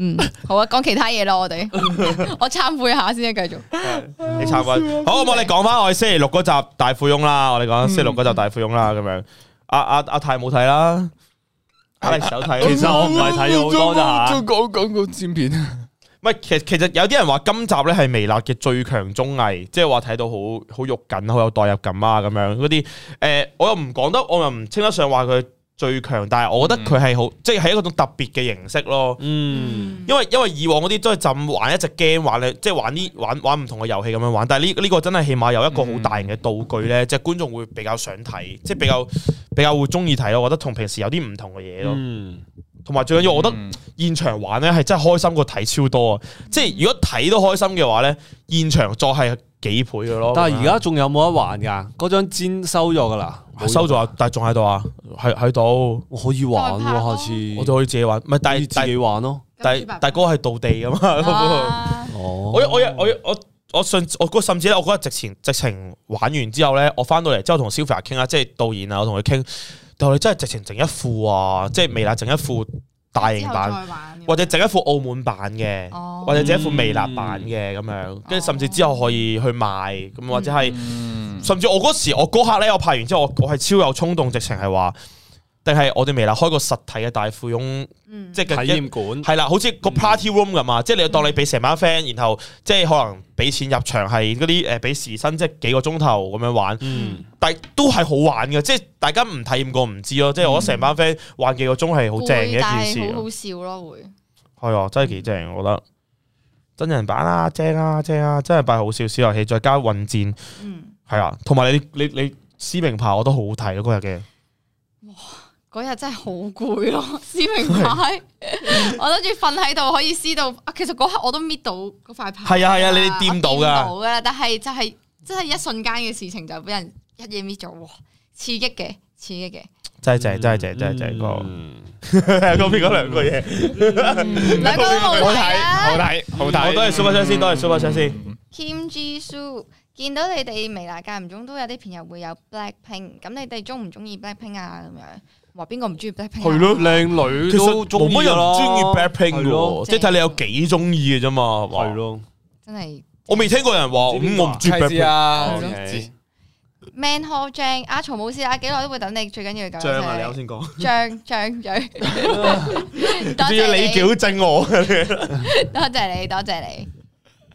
嗯，好啊，講其他嘢咯，我哋我懺悔下先，繼續。你懺悔。好，我哋講翻我哋星期六嗰集大富翁啦。我哋講星期六嗰集大富翁啦，咁樣。阿阿阿泰冇睇啦。係，其實我唔係睇咗好多咋，都再講講個剪片，唔係其其實有啲人話今集咧係微辣嘅最強綜藝，即係話睇到好好肉緊、好有代入感啊咁樣嗰啲。誒、呃，我又唔講得，我又唔稱得上話佢，最強，但係我覺得佢係好，嗯、即係係一種特別嘅形式咯。嗯，因為因為以往嗰啲都係就玩一隻 game 玩咧，即係玩啲玩玩唔同嘅遊戲咁樣玩。但係呢呢個真係起碼有一個好大型嘅道具咧，嗯、即係觀眾會比較想睇，即係比較比較會中意睇咯。我覺得同平時有啲唔同嘅嘢咯。同埋、嗯、最重要，我覺得現場玩咧係真係開心過睇超多。即係如果睇都開心嘅話咧，現場再係幾倍嘅咯。但係而家仲有冇得玩噶？嗰張籤收咗噶啦，用收咗，但係仲喺度啊！係喺度，我可以玩喎。下次我就可以自己玩，唔係但係自己玩咯。但係大哥係道地噶嘛？我我我我我甚我甚至咧，我嗰日直前直情玩完之後咧，我翻到嚟之後同小肥啊傾下，即係、就是、導演啊，我同佢傾，但係真係直情整一副啊，嗯、即係未啦整一副。大型版，或者整一副澳門版嘅，哦、或者整一副微辣版嘅咁、嗯、樣，跟住甚至之後可以去賣，咁、哦、或者係，嗯、甚至我嗰時我嗰刻咧，我拍完之後我我係超有衝動，直情係話。定係我哋未啦，開過實體嘅大富翁，嗯、即係是體驗館係啦，好似個 party room 咁嘛。嗯、即係你當你俾成班 friend，然後即係可能俾錢入場，係嗰啲誒俾時薪，即係幾個鐘頭咁樣玩。嗯、但都係好玩嘅，即係大家唔體驗過唔知咯。嗯、即係我成班 friend 玩幾個鐘係好正嘅一件事，好好笑咯，會係啊，真係幾正，我覺得真人版啊，正啊，正啊，真人版好笑，小遊戲再加混戰，嗯，係啊，同埋你你你撕名牌我都好好睇咯，嗰日嘅。嗰日真係好攰咯，撕名牌，我諗住瞓喺度可以撕到。其實嗰刻我都搣到嗰塊牌，係啊係啊，你哋掂到嘅，但係就係真係一瞬間嘅事情就俾人一嘢搣咗，哇！刺激嘅，刺激嘅，真係正，真係正，真係正，真係嗰，嗰邊嗰兩個嘢，兩個好睇，好睇，好睇。多謝 Super 相先，多謝 Super 相先。Kim Jisoo，見到你哋微辣，間唔中都有啲片又會有 blackpink，咁你哋中唔中意 blackpink 啊？咁樣。話邊個唔中意 BLACKPINK？係咯，靚女都冇乜人啊。中意 BLACKPINK 嘅，即係睇你有幾中意嘅啫嘛。係咯，真係我未聽過人話，嗯，我唔中意 BLACKPINK。我唔知。Man Hall Jane 阿曹冇事，阿幾耐都會等你，最緊要糾正。張啊，你啱先講。張張嘴。仲要你矯正我。多謝你，多謝你。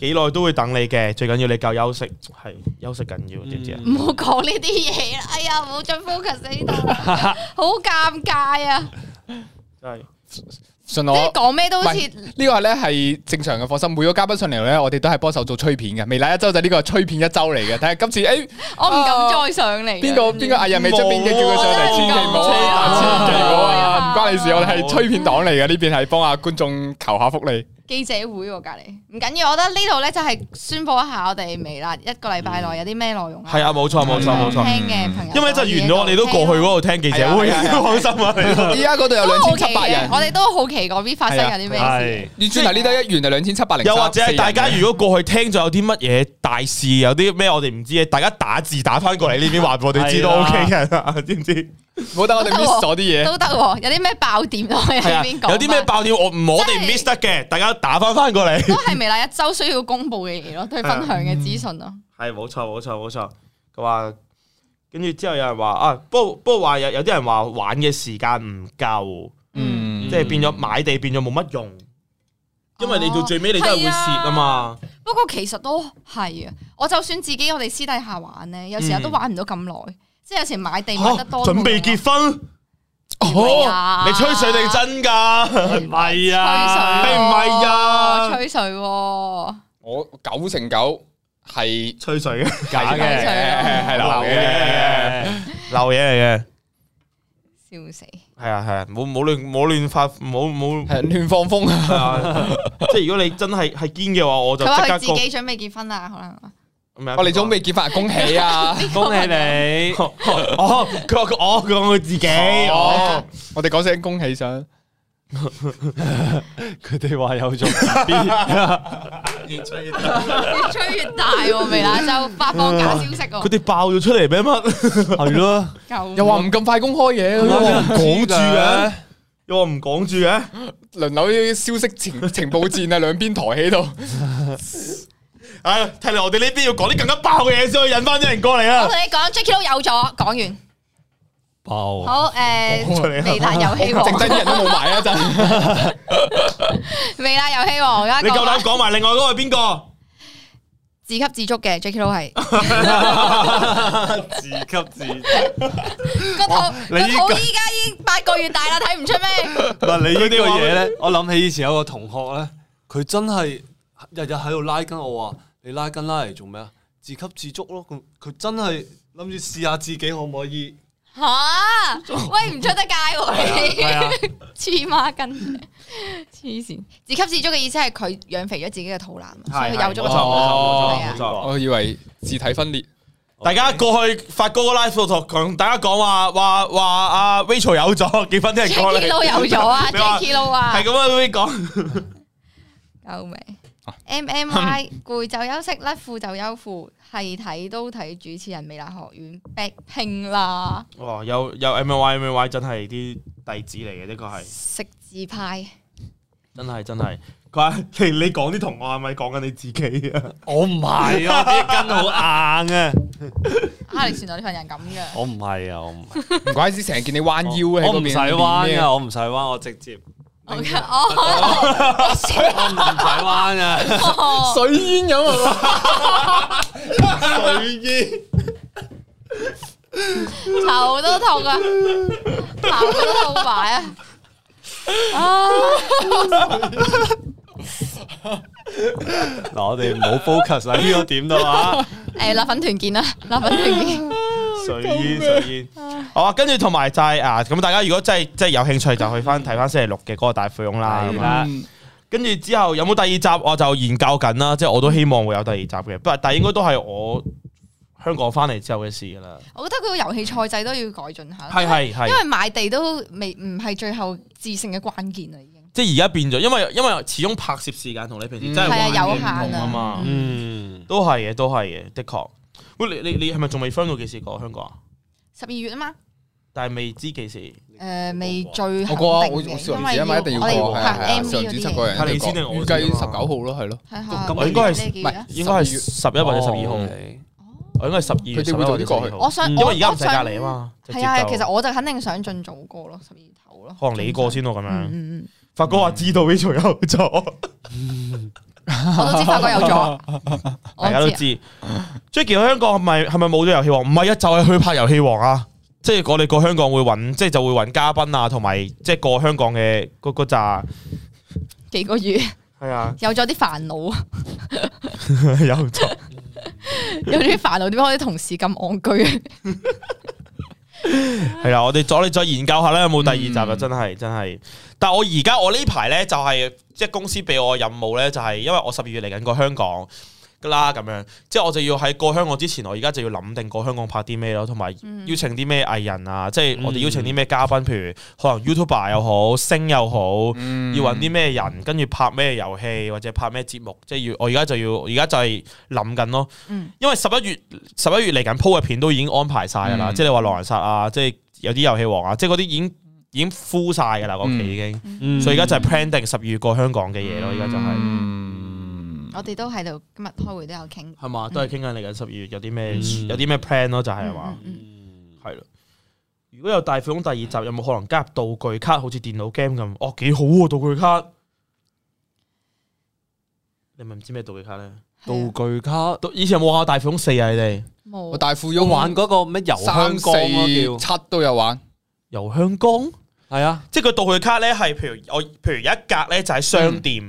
幾耐都會等你嘅，最緊要你夠休息，係休息緊要，知唔知啊？唔好講呢啲嘢，哎呀，唔好再 focus 呢度，好尷尬啊！即係信我，即係講咩都好似呢個咧係正常嘅，放心。每個嘉賓上嚟咧，我哋都係幫手做催片嘅，未來一周就呢個係催片一周嚟嘅。但係今次誒，我唔敢再上嚟。邊個邊個藝人未出邊嘅叫佢上嚟？千祈唔好，千祈唔好啊！唔關你事，我哋係催片黨嚟嘅，呢邊係幫下觀眾求下福利。記者會喎隔籬唔緊要，我覺得呢度咧就係宣布一下我哋未來一個禮拜內有啲咩內容啊。係啊，冇錯冇錯冇錯。聽嘅朋友，因為就完咗，我哋都過去嗰度聽記者會啊。放心啊，依家嗰度有兩千七百人，我哋都好奇嗰邊發生有啲咩事。你呢度一完就兩千七百零。又或者大家如果過去聽咗有啲乜嘢大事，有啲咩我哋唔知嘅，大家打字打翻過嚟呢邊話俾我哋知都 OK 嘅，知唔知？冇得我哋 miss 咗啲嘢。都得，有啲咩爆點喺入邊講？有啲咩爆點我唔，我哋 miss 得嘅，大家。打翻翻過嚟，都係未來一周需要公布嘅嘢咯。 對分享嘅資訊咯。係冇錯冇錯冇錯，佢話跟住之後有人話啊，不過不過話有有啲人話玩嘅時間唔夠，嗯，即係變咗買地變咗冇乜用，哦、因為你到最尾你都係會蝕啊嘛、啊。不過其實都係啊，我就算自己我哋私底下玩咧，有時候都玩唔到咁耐，嗯、即係有時買地買得多、啊，準備結婚。哦，你吹水定真㗎？唔係啊，你唔係啊，吹水。我九成九係吹水嘅，假嘅，係流嘅，流嘢嚟嘅。笑死！係啊係啊，冇冇亂冇亂發，冇冇亂放風啊！即係如果你真係係堅嘅話，我就即刻自己準備結婚啦，可能。我哋仲未結髮，恭喜啊！恭喜你！哦，佢話我佢講佢自己，我我哋講聲恭喜先。佢哋話有咗，越吹越大，越吹越大喎！未啊，就發放假消息。佢哋爆咗出嚟咩？乜係咯？又話唔咁快公開嘢，又話唔講住嘅，又話唔講住嘅，輪流啲消息情情報戰啊，兩邊抬喺度。係聽嚟，我哋呢邊要講啲更加爆嘅嘢先，可以引翻啲人過嚟啊。我同你講，Jacky Lou 都有咗，講完。爆好誒，未彈遊戲。剩低啲人都冇埋啊！真。未拉遊戲喎，你夠膽講埋另外嗰個係邊個？自給自足嘅 Jacky Lou 係自給自足。個肚你肚依家已經八個月大啦，睇唔出咩？嗱，你呢個嘢咧，我諗起以前有個同學咧，佢真係日日喺度拉筋，我啊。你拉筋拉嚟做咩啊？自給自足咯，佢佢真係諗住試下自己可唔可以吓？喂唔出得街喎，黐孖筋，黐線！自給自足嘅意思係佢養肥咗自己嘅肚腩，所以有咗個肚腩。冇錯，冇錯，我以為自體分裂。大家過去發哥個 live 度同大家講話，話話阿 Rachel 有咗結婚，聽人講咧 Rachel 有咗啊 Rachel 啊，係咁啊，講，救命！M M I 攰，就休息，甩褲就休褲，係睇都睇主持人美娜學院 back 拼啦。哇，休有，有 M MI, M I M M I 真係啲弟子嚟嘅，呢個係。食字派，真係真係。佢話你講啲同我係咪講緊你自己啊？我唔係啊，啲筋好硬啊。啊， 你前台呢份人咁嘅？我唔係啊，我唔係。唔怪之成日見你彎腰，啊。我唔使彎啊，我唔使彎，我直接。OK，哦，水唔使彎嘅，水煙咁啊，水煙，頭都痛啊，頭都痛埋啊，啊，嗱我哋唔好 focus 喺呢個點度啊，誒，辣粉團見啦，辣粉團見，水煙水煙。好、哦就是、啊，跟住同埋就係啊，咁大家如果真係真係有興趣，就去翻睇翻星期六嘅嗰個大富翁啦。係啦，跟住之後有冇第二集？我就研究緊啦，即、就、係、是、我都希望會有第二集嘅，不，但係應該都係我香港翻嚟之後嘅事啦。我覺得佢個遊戲賽制都要改進下，係係，因為買地都未唔係最後制勝嘅關鍵啦，已經。即係而家變咗，因為因為,因為始終拍攝時間同你平時真係、嗯、有限啊嘛。嗯，都係嘅，都係嘅，的確。喂，你你你係咪仲未分到幾時過香港十二月啊嘛，但係未知幾時。誒，未最。我過啊，我一定要過。係係。七個人，你先定我。預計十九號咯，係咯。係啊。應該係十一或者十二號。哦。我應該十二月十一號。我想，因為而家唔使隔離啊嘛。係啊，其實我就肯定想盡早過咯，十二頭咯。可能你過先咯，咁樣。嗯，發哥話知道呢條友做。我知，我知拍哥有咗，大家都知。Jacky 喺香港係咪係咪冇咗遊戲王？唔係啊，就係、是、去拍遊戲王啊！即、就、係、是、我哋過香港會揾，即、就、係、是、就會揾嘉賓啊，同埋即係過香港嘅嗰嗰扎。幾個月係啊，有咗啲煩惱啊， 有咗了 有啲煩惱，點解啲同事咁戇居？係 啊，我哋再我再研究下啦，有冇第二集啊、嗯？真係真係，但係我而家我呢排咧就係、是。即係公司俾我嘅任務咧，就係、是、因為我十二月嚟緊過香港噶啦咁樣，即係我就要喺過香港之前，我而家就要諗定過香港拍啲咩咯，同埋邀請啲咩藝人啊，即係、嗯、我哋邀請啲咩嘉賓，譬如可能 YouTuber 又好，星又好，嗯、要揾啲咩人，跟住拍咩遊戲或者拍咩節目，即係要我而家就要，而家就係諗緊咯。因為十一月十一月嚟緊鋪嘅片都已經安排晒噶啦，嗯、即係你話《狼人殺》啊，即係有啲遊戲王啊，即係嗰啲已經。已經 full 晒嘅啦，個期已經，所以而家就係 plan 定十二月過香港嘅嘢咯，而家就係。我哋都喺度今日開會都有傾，係嘛？都係傾緊嚟緊十二月有啲咩有啲咩 plan 咯，就係係嘛？係咯。如果有大富翁第二集，有冇可能加入道具卡？好似電腦 game 咁，哦，幾好啊！道具卡，你咪唔知咩道具卡咧？道具卡，以前有冇玩過大富翁四啊？你哋？大富翁玩嗰個咩遊香港，七都有玩遊香港。係啊，即係個道具卡咧，係譬如我，譬如有一格咧就喺商店，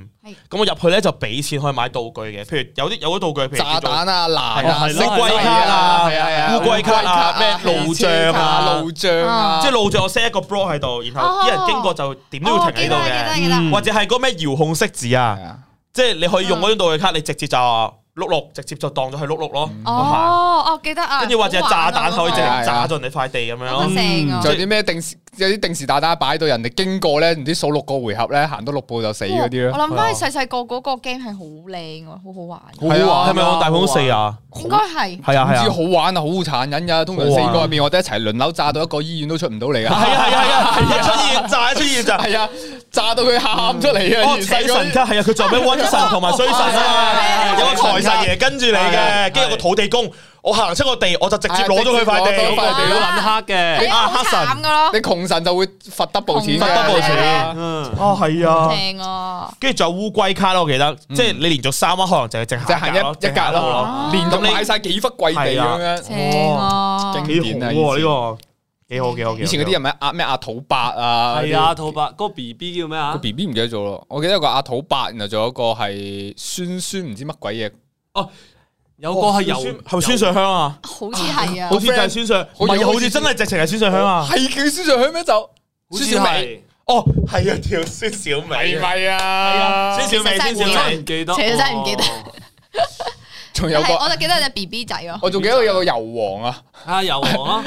咁我入去咧就俾錢可以買道具嘅。譬如有啲有啲道具，譬如炸彈啊、難食龜卡啊、啊，烏龜卡啊、咩路障啊、路障啊，即係路障我 set 一個 block 喺度，然後啲人經過就點都要停喺度嘅。或者係嗰咩遙控骰子啊，即係你可以用嗰張道具卡，你直接就碌碌，直接就當咗去碌碌咯。哦哦，記得啊。跟住或者係炸彈可以直接炸咗你塊地咁樣咯。做啲咩定時？有啲定時炸彈擺到人哋經過咧，唔知數六個回合咧，行多六步就死嗰啲咯。我諗翻起細細個嗰個 game 係好靚，好好玩。好玩。係咪《大富翁4啊》？應該係。係啊係啊。好玩啊，好殘忍噶。通常四個入面，我哋一齊輪流炸到一個醫院都出唔到嚟啊！係啊係啊係啊！出熱炸出熱就係啊，炸到佢喊出嚟啊！請神卡係啊，佢再咩？瘟神同埋衰神啊！有個財神爺跟住你嘅，跟住個土地公。我行出個地，我就直接攞咗佢塊地，攞咗塊地都揾黑嘅。你阿黑神，你窮神就會罰 double 錢，罰 double 錢。啊，係啊，跟住仲有烏龜卡咯，我記得，即係你連續三彎可能就係只行一格咯，連到你買晒幾幅貴地咁樣。正啊，幾好幾好。以前嗰啲人咪阿咩阿土伯啊？係阿土伯，個 B B 叫咩啊？個 B B 唔記得咗咯。我記得個阿土伯，然後仲有個係酸酸，唔知乜鬼嘢。哦。有個係游，係咪孫尚香啊？好似係啊，好似就係孫尚，唔係好似真係直情係孫尚香啊？係叫孫尚香咩？就孫小明，哦，係啊，條孫小明咪啊，孫小明，孫小明，唔記得，真係唔記得。仲有個，我就記得有 B B 仔啊，我仲記得有個油王啊，啊油王啊，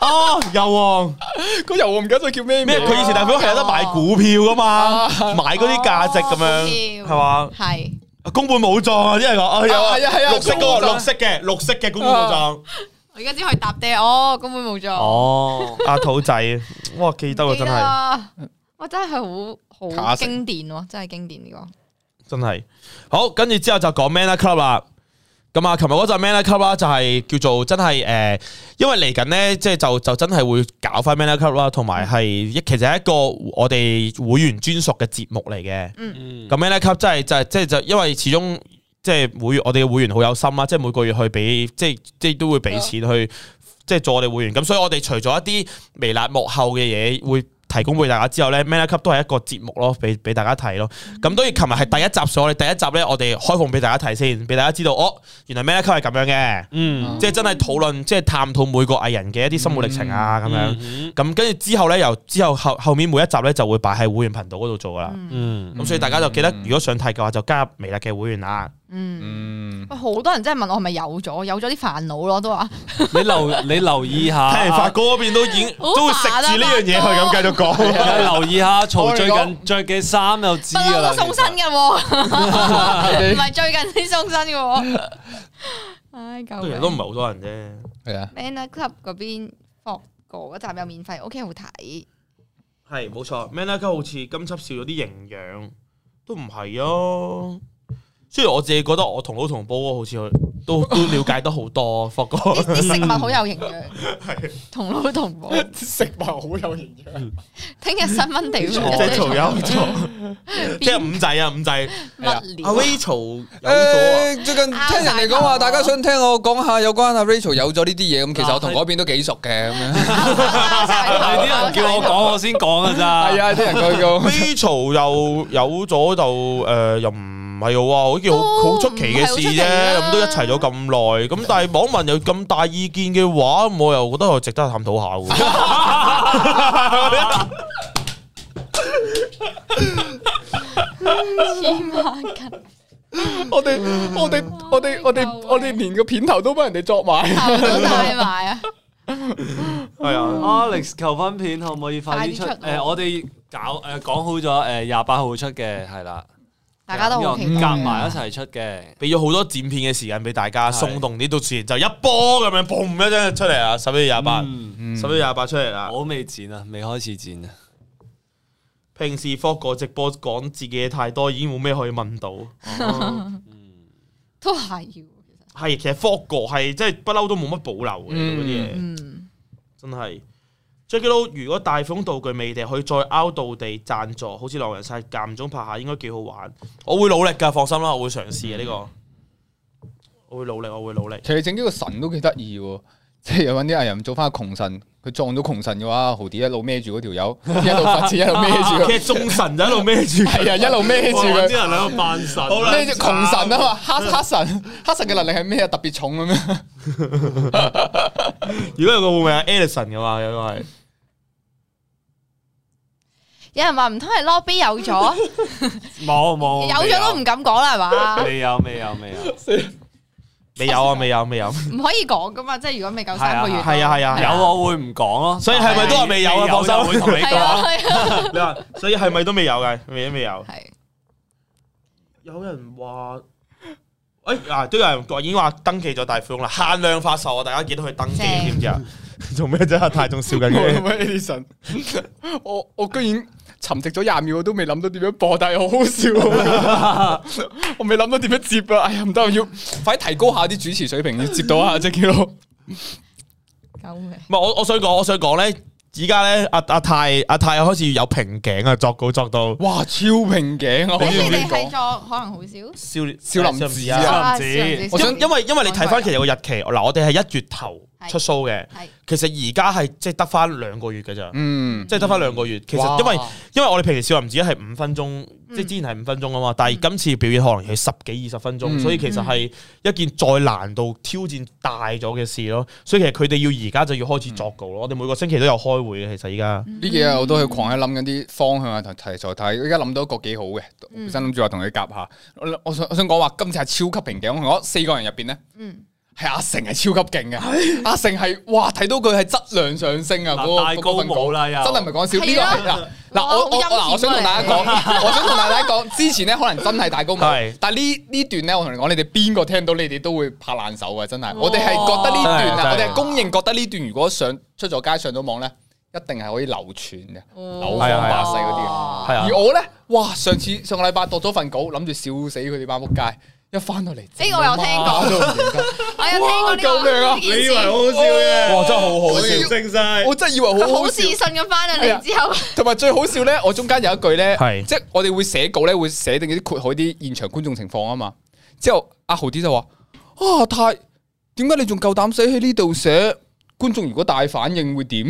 哦，油王，個油王唔記得佢叫咩名？咩？佢以前大表係有得買股票噶嘛，買嗰啲價值咁樣，係嘛？係。宮本武藏、哎、啊，真係個，係啊係啊，綠色個，綠色嘅綠色嘅宮本武藏，我而家先可以搭嗲，哦，宮本武藏，哦，阿肚仔，哇，記得啊，得真係，哇，真係好好經典，真係經典呢個，成真係，好，跟住之後就講咩啦，club。咁啊，琴日嗰集《Man Up Cup》啦，就係叫做真係誒、呃，因為嚟緊咧，即係就係、就，就真係會搞翻《Man Up Cup》啦，同埋係一其實係一個我哋會員專屬嘅節目嚟嘅。嗯嗯。咁、就係《Man Up Cup》真係就係即係就係、因為始終即係會我哋嘅會員好有心啦，即、就、係、係、每個月去俾即係即係都會俾錢去即係、就係、做我哋會員，咁所以我哋除咗一啲微辣幕後嘅嘢會。提供俾大家之後咧，Man Up 都係一個節目咯，俾俾大家睇咯。咁當然，琴日係第一集，所以我哋第一集咧，我哋開放俾大家睇先，俾大家知道哦，原來 Man Up 係咁樣嘅，嗯，即係真係討論，即係探討每個藝人嘅一啲生活歷程啊，咁樣。咁跟住之後咧，由之後後後面每一集咧就會擺喺會員頻道嗰度做㗎啦。嗯，咁所以大家就記得，嗯嗯、如果想睇嘅話，就加入微辣嘅會員啊。嗯，喂，好多人真係問我係咪有咗，有咗啲煩惱咯，都話。你留，你留意下，發哥嗰邊都已經，都會食住呢樣嘢去咁繼續講。你留意下，曹最近着嘅衫又知啊。送身嘅，唔係最近先送身嘅。唉，救命都唔係好多人啫，係啊。Man Club 嗰邊放嗰一集有免費，OK，好睇。係冇錯，Man Club 好似今輯少咗啲營養，都唔係啊。雖然我自己覺得我同老同煲好似都都了解得好多，發覺啲食物好有營養，同老同煲食物好有營養。聽日新聞地方，阿 Rachel 有咗，即係五仔啊，五仔乜料？阿 Rachel 有咗，最近聽人哋講話，大家想聽我講下有關阿 Rachel 有咗呢啲嘢，咁其實我同嗰邊都幾熟嘅。咁樣啲人叫我講，我先講噶咋？係啊，啲人叫我。Rachel 又有咗就誒，又唔～係哇，好似好好出奇嘅事啫。咁都、嗯、一齊咗咁耐，咁、嗯、但係網民有咁大意見嘅話，我又覺得我值得探討下嘅病 我哋 我哋我哋 我哋我哋連個片頭都俾人哋作埋，頭都帶埋啊！係 啊樂 ，Alex 求婚片可唔可以快啲出？誒、呃，我哋搞誒講好咗，誒廿八號出嘅係啦。 大家都好夾埋一齊出嘅，俾咗好多剪片嘅時間俾大家的送動啲，到時就一波咁樣，嘣一聲出嚟啊！十一月廿八，十一月廿八出嚟啦！我未剪啊，未開始剪啊。平時 Fog 直播講自己嘅嘢太多，已經冇咩可以問到。嗯， 嗯都係其實係其實 Fog 個係即係不嬲都冇乜保留嘅嗰啲嘢，真係。即係佢都，如果大風道具未地，可以再 out 道地贊助，好似《狼人殺》間唔中拍下，應該幾好玩。我會努力噶，放心啦，我會嘗試啊，呢、這個我會努力，我會努力。其實整呢個神都幾得意，即係有搵啲藝人做翻個窮神，佢撞到窮神嘅話，豪迪一路孭住嗰條友，一路發錢，一路孭住。 其實中神就一路孭住，係 啊，一路孭住佢。啲人喺度扮神，孭住窮神啊嘛，黑 黑神，黑神嘅能力係咩啊？特別重咁樣。 如果有個會唔會係 Ellison 嘅話，有個係？有人話唔通，係 Lobby 有咗，冇，冇有咗都唔敢講啦，係嘛？未有未有未有，未有啊未有未有，唔可以講噶嘛,即係如果未夠三個月，係啊係啊，有我會唔講咯，所以係咪都話未有啊？放心，會同你講。你話所以係咪都未有嘅？未都未有。係，有人話，誒啊，都有人話已經話登記咗大富翁啦，限量發售啊！大家記得去登記，知唔知啊？做咩真係太中笑緊嘅？我我居然。沉寂咗廿秒我都未諗到點樣播，但係好好笑。我未諗到點樣接啊！哎呀，唔得，要快啲提高下啲主持水平，要接到啊！即係叫，救命！唔係我，我想講，我想講咧，而家咧，阿阿泰阿泰開始有瓶頸啊，作稿作到，哇，超瓶頸啊！咁你係作可能好少，少少林寺啊，少林寺。因因為因為你睇翻其實個日期，嗱，我哋係一月頭出 show 嘅，其實而家係即係得翻兩個月嘅咋，即係得翻兩個月。其實因為因為我哋平時少話唔止，係五分鐘，即係之前係五分鐘啊嘛。但係今次表演可能係十幾二十分鐘，所以其實係一件再難度挑戰大咗嘅事咯。所以其實佢哋要而家就要開始作稿咯。我哋每個星期都有開會嘅，其實依家呢幾日我都去狂喺諗緊啲方向啊、題材。但係依家諗到一個幾好嘅，我本身諗住話同佢夾下。我想我想講話今次係超級平頸。我四個人入邊咧。係阿成係超級勁嘅，阿成係哇，睇到佢係質量上升啊！嗰份稿啦，真係唔係講笑，呢個係嗱，我我嗱，我想同大家講，我想同大家講，之前咧可能真係大高冇，但呢呢段咧我同你講，你哋邊個聽到你哋都會拍爛手啊！真係，我哋係覺得呢段，我哋係公認覺得呢段如果上出咗街、上咗網咧，一定係可以流傳嘅，流芳百世嗰啲。而我咧，哇！上次上個禮拜度咗份稿，諗住笑死佢哋班仆街。一翻到嚟，呢我有聽過， 我有聽過呢個、啊，子你以為好好笑咩？哦、哇，真係好好笑。我真係以為，以為好好自信咁翻啊！嚟之後，同埋 最好笑咧，我中間有一句咧，的即係我哋會寫稿咧，會寫定啲括號啲現場觀眾情況啊嘛。之後阿豪啲就話：啊，泰點解你仲夠膽死喺呢度寫？觀眾如果大反應會點？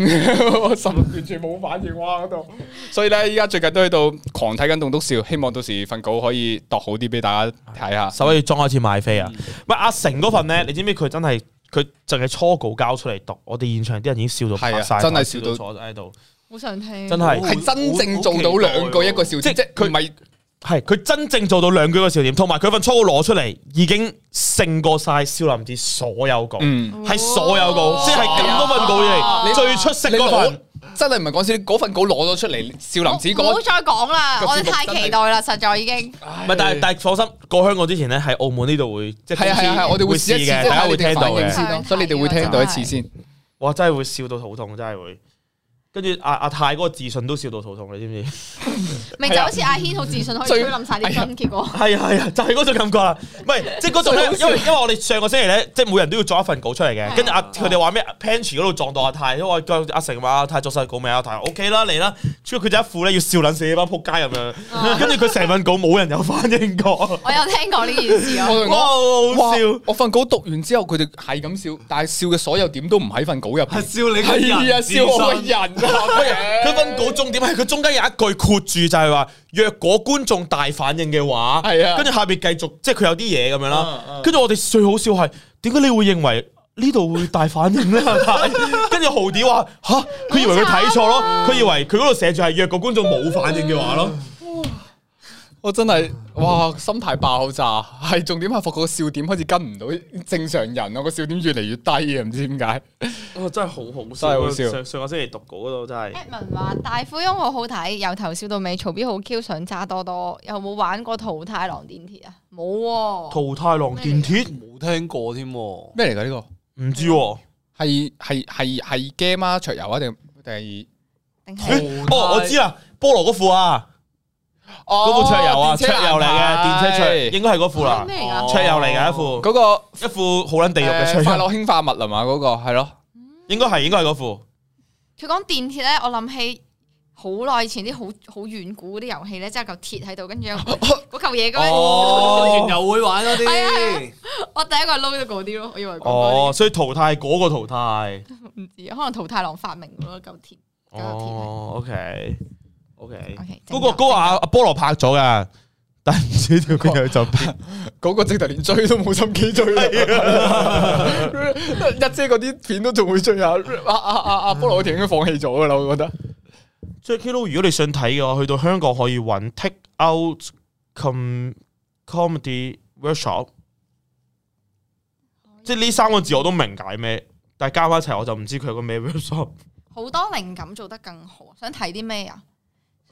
甚 至完全冇反應哇、啊！嗰度，所以咧依家最近都喺度狂睇緊棟篤笑，希望到時份稿可以讀好啲俾大家睇下，十一月中開始賣飛啊！喂對，阿成嗰份咧，對你知唔知佢真係佢淨係初稿交出嚟讀，我哋現場啲人已經笑到係啊，真係笑到坐喺度，好對想聽，真係係真正做到兩個一個笑，即即係佢唔係。係佢真正做到兩句嘅笑點，同埋佢份初稿攞出嚟已經勝過晒少林寺所有稿，係所有稿，即係咁多份稿嘅，你最出色嗰份真係唔係講笑，嗰份稿攞咗出嚟，少林寺稿。唔好再講啦，我哋太期待啦，實在已經。唔係，但係但係放心，過香港之前咧，喺澳門呢度會即係我哋會試嘅，大家會聽到嘅，所以你哋會聽到一次先。哇！真係會笑到肚痛，真係會。跟住阿阿泰嗰個自信都笑到肚痛，你知唔知？明就好似阿軒好自信可以攬晒啲分，結果係 啊係啊，啊，就係、是、嗰種感覺啦。唔係即係因為因為我哋上個星期咧，即係每人都要作一份稿出嚟嘅。跟住、啊、阿佢哋話咩？Panchi 嗰度撞到阿泰，因為阿成話阿泰作晒稿未？阿泰，阿泰 OK 啦嚟啦，主要佢就一副咧要笑撚死你班仆街咁樣。跟住佢成份稿冇人有反應過。 我有聽過呢件事啊！好笑！我份稿讀完之後，佢哋係咁笑，但係笑嘅所有點都唔喺份稿入邊、啊。笑你人、啊，笑死人！佢溫稿重點係佢中間有一句括住，就係話，若果觀眾大反應嘅話，係啊的，跟住下邊繼續，即係佢有啲嘢咁樣啦。跟住、uh, uh. 我哋最好笑係，點解你會認為呢度會大反應咧？跟住 豪迪話吓，佢以為佢睇錯咯，佢、啊、以為佢嗰度寫住係若果觀眾冇反應嘅話咯。我真係哇，心態爆炸，係重點係發覺個笑點開始跟唔到正常人咯，個笑點越嚟越低啊，唔知點解。真係好好笑，上上個星期讀稿嗰度真係。Etman 話大富翁好好睇，由頭笑到尾，曹彪好 Q，想揸多多。有冇玩過桃太郎電鐵啊？冇。桃太郎電鐵？冇聽過添。咩嚟噶呢個？唔知，係係係係 game 啊，桌遊啊定定。哦，我知啦，菠蘿嗰副啊。嗰部桌遊啊，桌遊嚟嘅，電車桌應該係嗰副啦，咩嚟㗎？桌遊嚟嘅一副，嗰個一副好撚地獄嘅桌遊，快樂氫化物啊嘛，嗰個係咯，應該係，應該係嗰副。佢講、嗯、電鐵咧，我諗起好耐以前啲好好遠古啲遊戲咧，即係嚿鐵喺度，跟住有嗰嚿嘢咁，又會玩嗰啲 。我第一個撈咗嗰啲咯，我以為。哦，所以淘汰嗰、那個淘汰，唔知可能淘汰狼發明咗嚿鐵，嚿鐵。哦，哦，OK。O K，嗰個哥啊，阿菠蘿拍咗噶，但唔知條佢有冇就拍。嗰哇 個直頭連追都冇心機追， 追。你、啊，一姐嗰啲片都仲會追下，阿阿阿阿菠蘿嘅電影放棄咗噶啦，我覺得。即係 Jacky Lou 如果你想睇嘅話，去到香港可以搵 Take Out Com Comedy Workshop。 即係呢三個字我都明解咩，但係加翻一齊我就唔知佢有個咩 Workshop。好多靈感做得更好，想睇啲咩啊？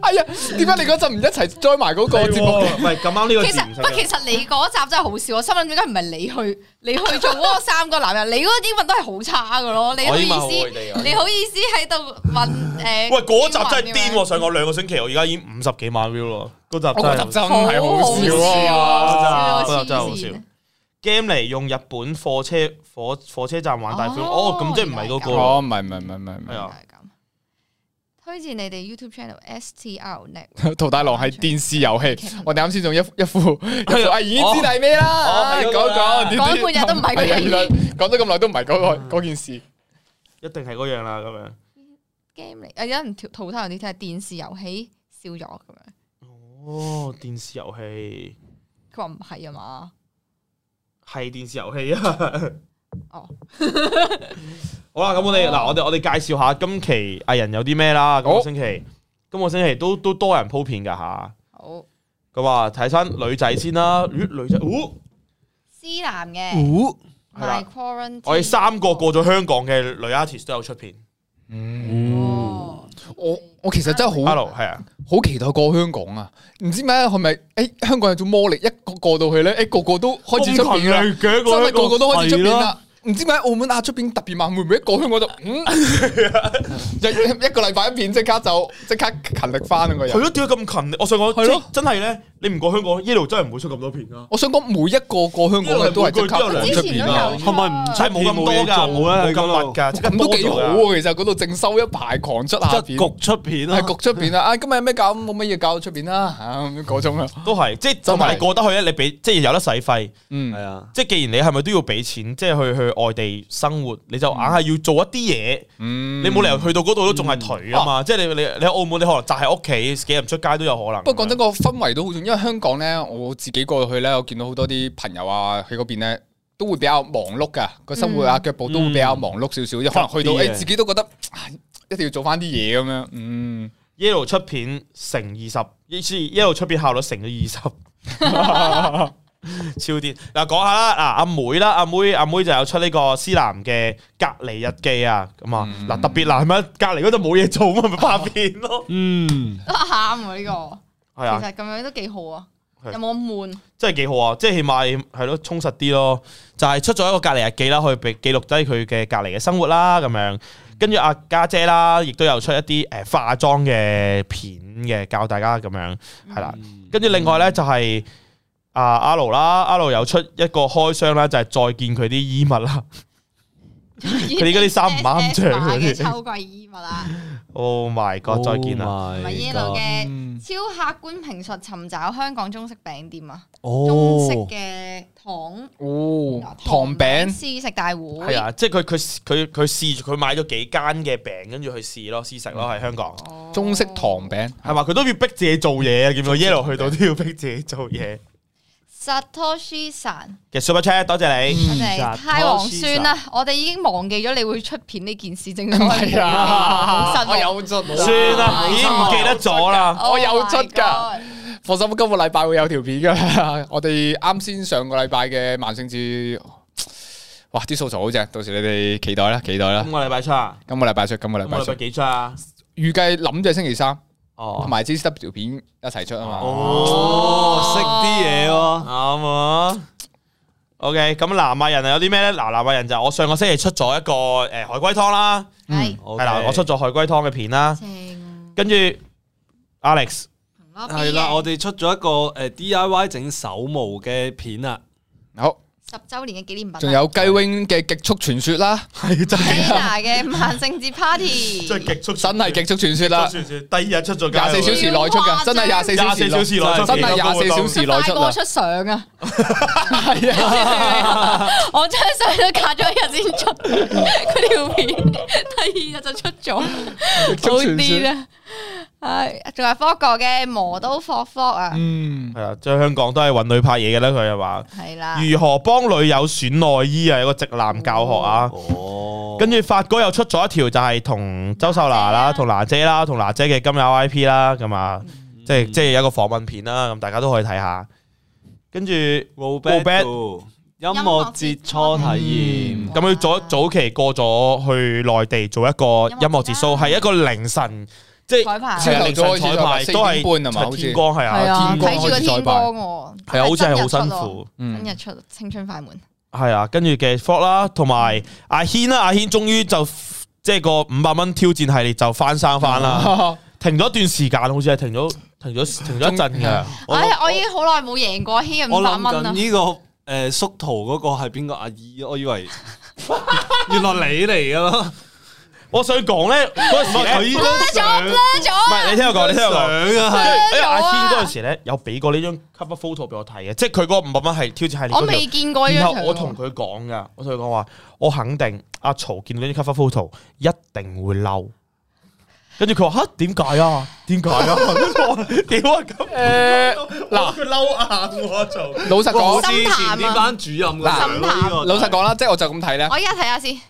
哎呀，點解你嗰集唔一齊載埋嗰個節目？唔係咁啱呢個。其實不過，其實你嗰集真係好笑，我心諗點解唔係你去，你去做嗰個三個男人？你嗰個英文都係好差噶咯？你好意思？你好意思喺度問誒？喂，嗰集真係癲！上個兩個星期，我而家已經五十幾萬 view 咯。嗰集真係好笑啊！真係真係好笑。Game 嚟，用日本火車火火車站玩大富翁哦，咁即係唔係嗰個？唔係唔係唔係唔係推薦你哋 YouTube channel ST R, S T R Network 桃太郎係電視遊戲，嗯、我哋啱先仲一一副，我話已經知係咩啦。講一講，半日都唔係嗰樣。講咗咁耐都唔係嗰個、嗯、件事，一定係嗰樣啦。咁樣 game 嚟，有人調淘汰你睇下電視遊戲笑咗咁樣。哦，電視遊戲，佢話唔係啊嘛，係電視遊戲啊。哦， 好啦，咁我哋嗱，我哋我哋介紹下今期藝人有啲咩啦。今個星期，哦、今個星期都都多人鋪片噶吓。啊、好，咁話睇返女仔先啦。咦，女仔，哦思男嘅，哦、嗯、，my quarantine，我哋三個過咗香港嘅女 artist 都有出片。嗯、哦，我我其實真係好，Hello，係啊，好期待過香港啊。唔知咩係咪？誒、哎，香港有種魔力，一個過到去咧，誒，個個都開始出片啦，真係個個都開始出片啦。唔知點解澳門啊出邊特別慢，會唔會一過去我就嗯，一 一個禮拜一片，即刻就即刻勤力翻啊！我係咯，點解咁勤力？我想我了真真係咧。你唔過香港，呢度真係唔會出咁多片啦。我想講每一個過香港嘅都係都有兩隻片，係咪唔使冇咁多，嘢冇咁密㗎？都幾好喎，其實嗰度正收一排狂出即片，焗出片，係焗出片啊！今日有咩搞？冇乜嘢搞，出片啦，咁嗰種啊，都係即係就係過得去咧。你俾即係有得使費，嗯，係啊。即係既然你係咪都要俾錢，即係去去外地生活，你就硬係要做一啲嘢。你冇理由去到嗰度都仲係攰啊嘛。即係你你你喺澳門，你可能宅喺屋企，幾日唔出街都有可能。不過講真，個氛圍都好因為香港咧，我自己過去咧，我見到好多啲朋友啊，喺嗰邊咧都會比較忙碌噶，個生活啊，腳步都會比較忙碌少少，因、嗯嗯、可能去到，誒、哎，自己都覺得一定要做翻啲嘢咁樣。嗯，一路出片乘二十，一一路出片效率乘咗二十，超啲。嗱，講下啦，嗱、啊、阿妹啦，阿妹阿妹就有出呢個思南嘅隔離日記啊，咁啊嗱特別難啊，係咪隔離嗰度冇嘢做啊？咪拍片咯，嗯啱啊呢個。 係啊，其實咁樣都幾好啊，的有冇咁悶？真係幾好啊，即係起碼係咯，充實啲咯，就係、是、出咗一個隔離日記啦，去記記錄低佢嘅隔離嘅生活啦，咁樣，跟住阿家姐啦，亦都有出一啲誒化妝嘅片嘅，教大家咁樣係啦，跟住、嗯、另外咧就係阿阿盧啦，阿盧有出一個開箱啦，就係、是、再見佢啲衣物啦，佢啲嗰啲衫唔啱着啲秋季衣物啊。Oh my god！Oh my god. 再見啦，同埋 Yellow 嘅超客觀評述，尋找香港中式餅店啊，oh. 中式嘅糖哦、oh. 糖,餅糖餅試食大會係啊，即係佢佢佢佢試佢買咗幾間嘅餅，跟住去試咯試食咯喺香港中式糖餅係嘛？佢 都要逼自己做嘢啊，見到 Yellow 去到都要逼自己做嘢。 雜拖書散，Super Chat，多謝你。太黃酸啦，我哋已經忘記咗你會出片呢件事，正係啊！我有出算啦，已經唔記得咗啦，我有出㗎，放心，今個禮拜會有條片㗎。我哋啱先上個禮拜嘅萬聖節，哇，啲素材好正，到時你哋期待啦，期待啦。今個禮拜出啊？今個禮拜出，今個禮拜幾出啊？預計諗住星期三。哦，同埋 JW 條片一齊出啊嘛！哦，識啲嘢喎，啱、哦、啊！OK，咁南亞人係有啲咩咧？嗱，南亞人就我上個星期出咗一個誒海龜湯啦，係係啦，我出咗海龜湯嘅片啦，正跟住 Alex 係啦，我哋出咗一個誒 DIY 整手模嘅片啦，好。十周年嘅紀念品，仲有《雞 wing》嘅《極速傳說》啦，係真係啊！嘅萬聖節 party 真係《極速》，真係《極速傳說》啦！第二日出咗廿四小時內嘅，真係廿四小時，廿四小時內出嘅，廿四小時內出。我出相啊！係啊！我張相都隔咗一日先出佢條片，第二日就出咗，好啲啦。係，仲係科哥嘅磨刀霍霍啊！嗯，係啦，即 係、啊就是、香港都係揾女拍嘢嘅啦，佢又嘛？係啦、啊。如何幫女友選內衣啊？有個直男教學啊。哦。跟住法哥又出咗一條，就係同周秀娜啦、同、啊、娜姐啦、同娜姐嘅今日 I P 啦，咁啊、嗯，即係即係一個訪問片啦，咁大家都可以睇下。跟住，音樂樂節節 Robert, 初體驗。咁佢早早期過咗去內地做一個音樂節 show，係一個凌晨。即係彩排，四台彩排都係半，啊嘛，天光係啊，睇住個天光喎，係啊，好似係好辛苦。今日出青春快門，係啊，跟住嘅 f o 福啦，同埋阿軒啦，阿軒終於就即係個五百蚊挑戰系列就翻生翻啦，停咗段時間，好似係停咗，停咗，停咗一陣嘅。我已經好耐冇贏過軒五百蚊。呢個誒縮圖嗰個係邊個阿姨？我以為原來你嚟噶咯。我想講咧，唔係，你聽我講，你聽我講，嗰時阿阿千嗰陣時咧，有俾過呢張 cover photo 俾我睇嘅，即係佢嗰五百蚊係挑戰係呢度。我未見過呢場。我同佢講噶，我同佢講話，我肯定阿曹見到呢啲 cover photo 一定會嬲。跟住佢話：吓點解啊？點解啊？屌啊咁！誒，嗱，佢嬲硬，我就，老實講，之前啲班主任，老實講啦，即係我就咁睇咧。我而家睇下先。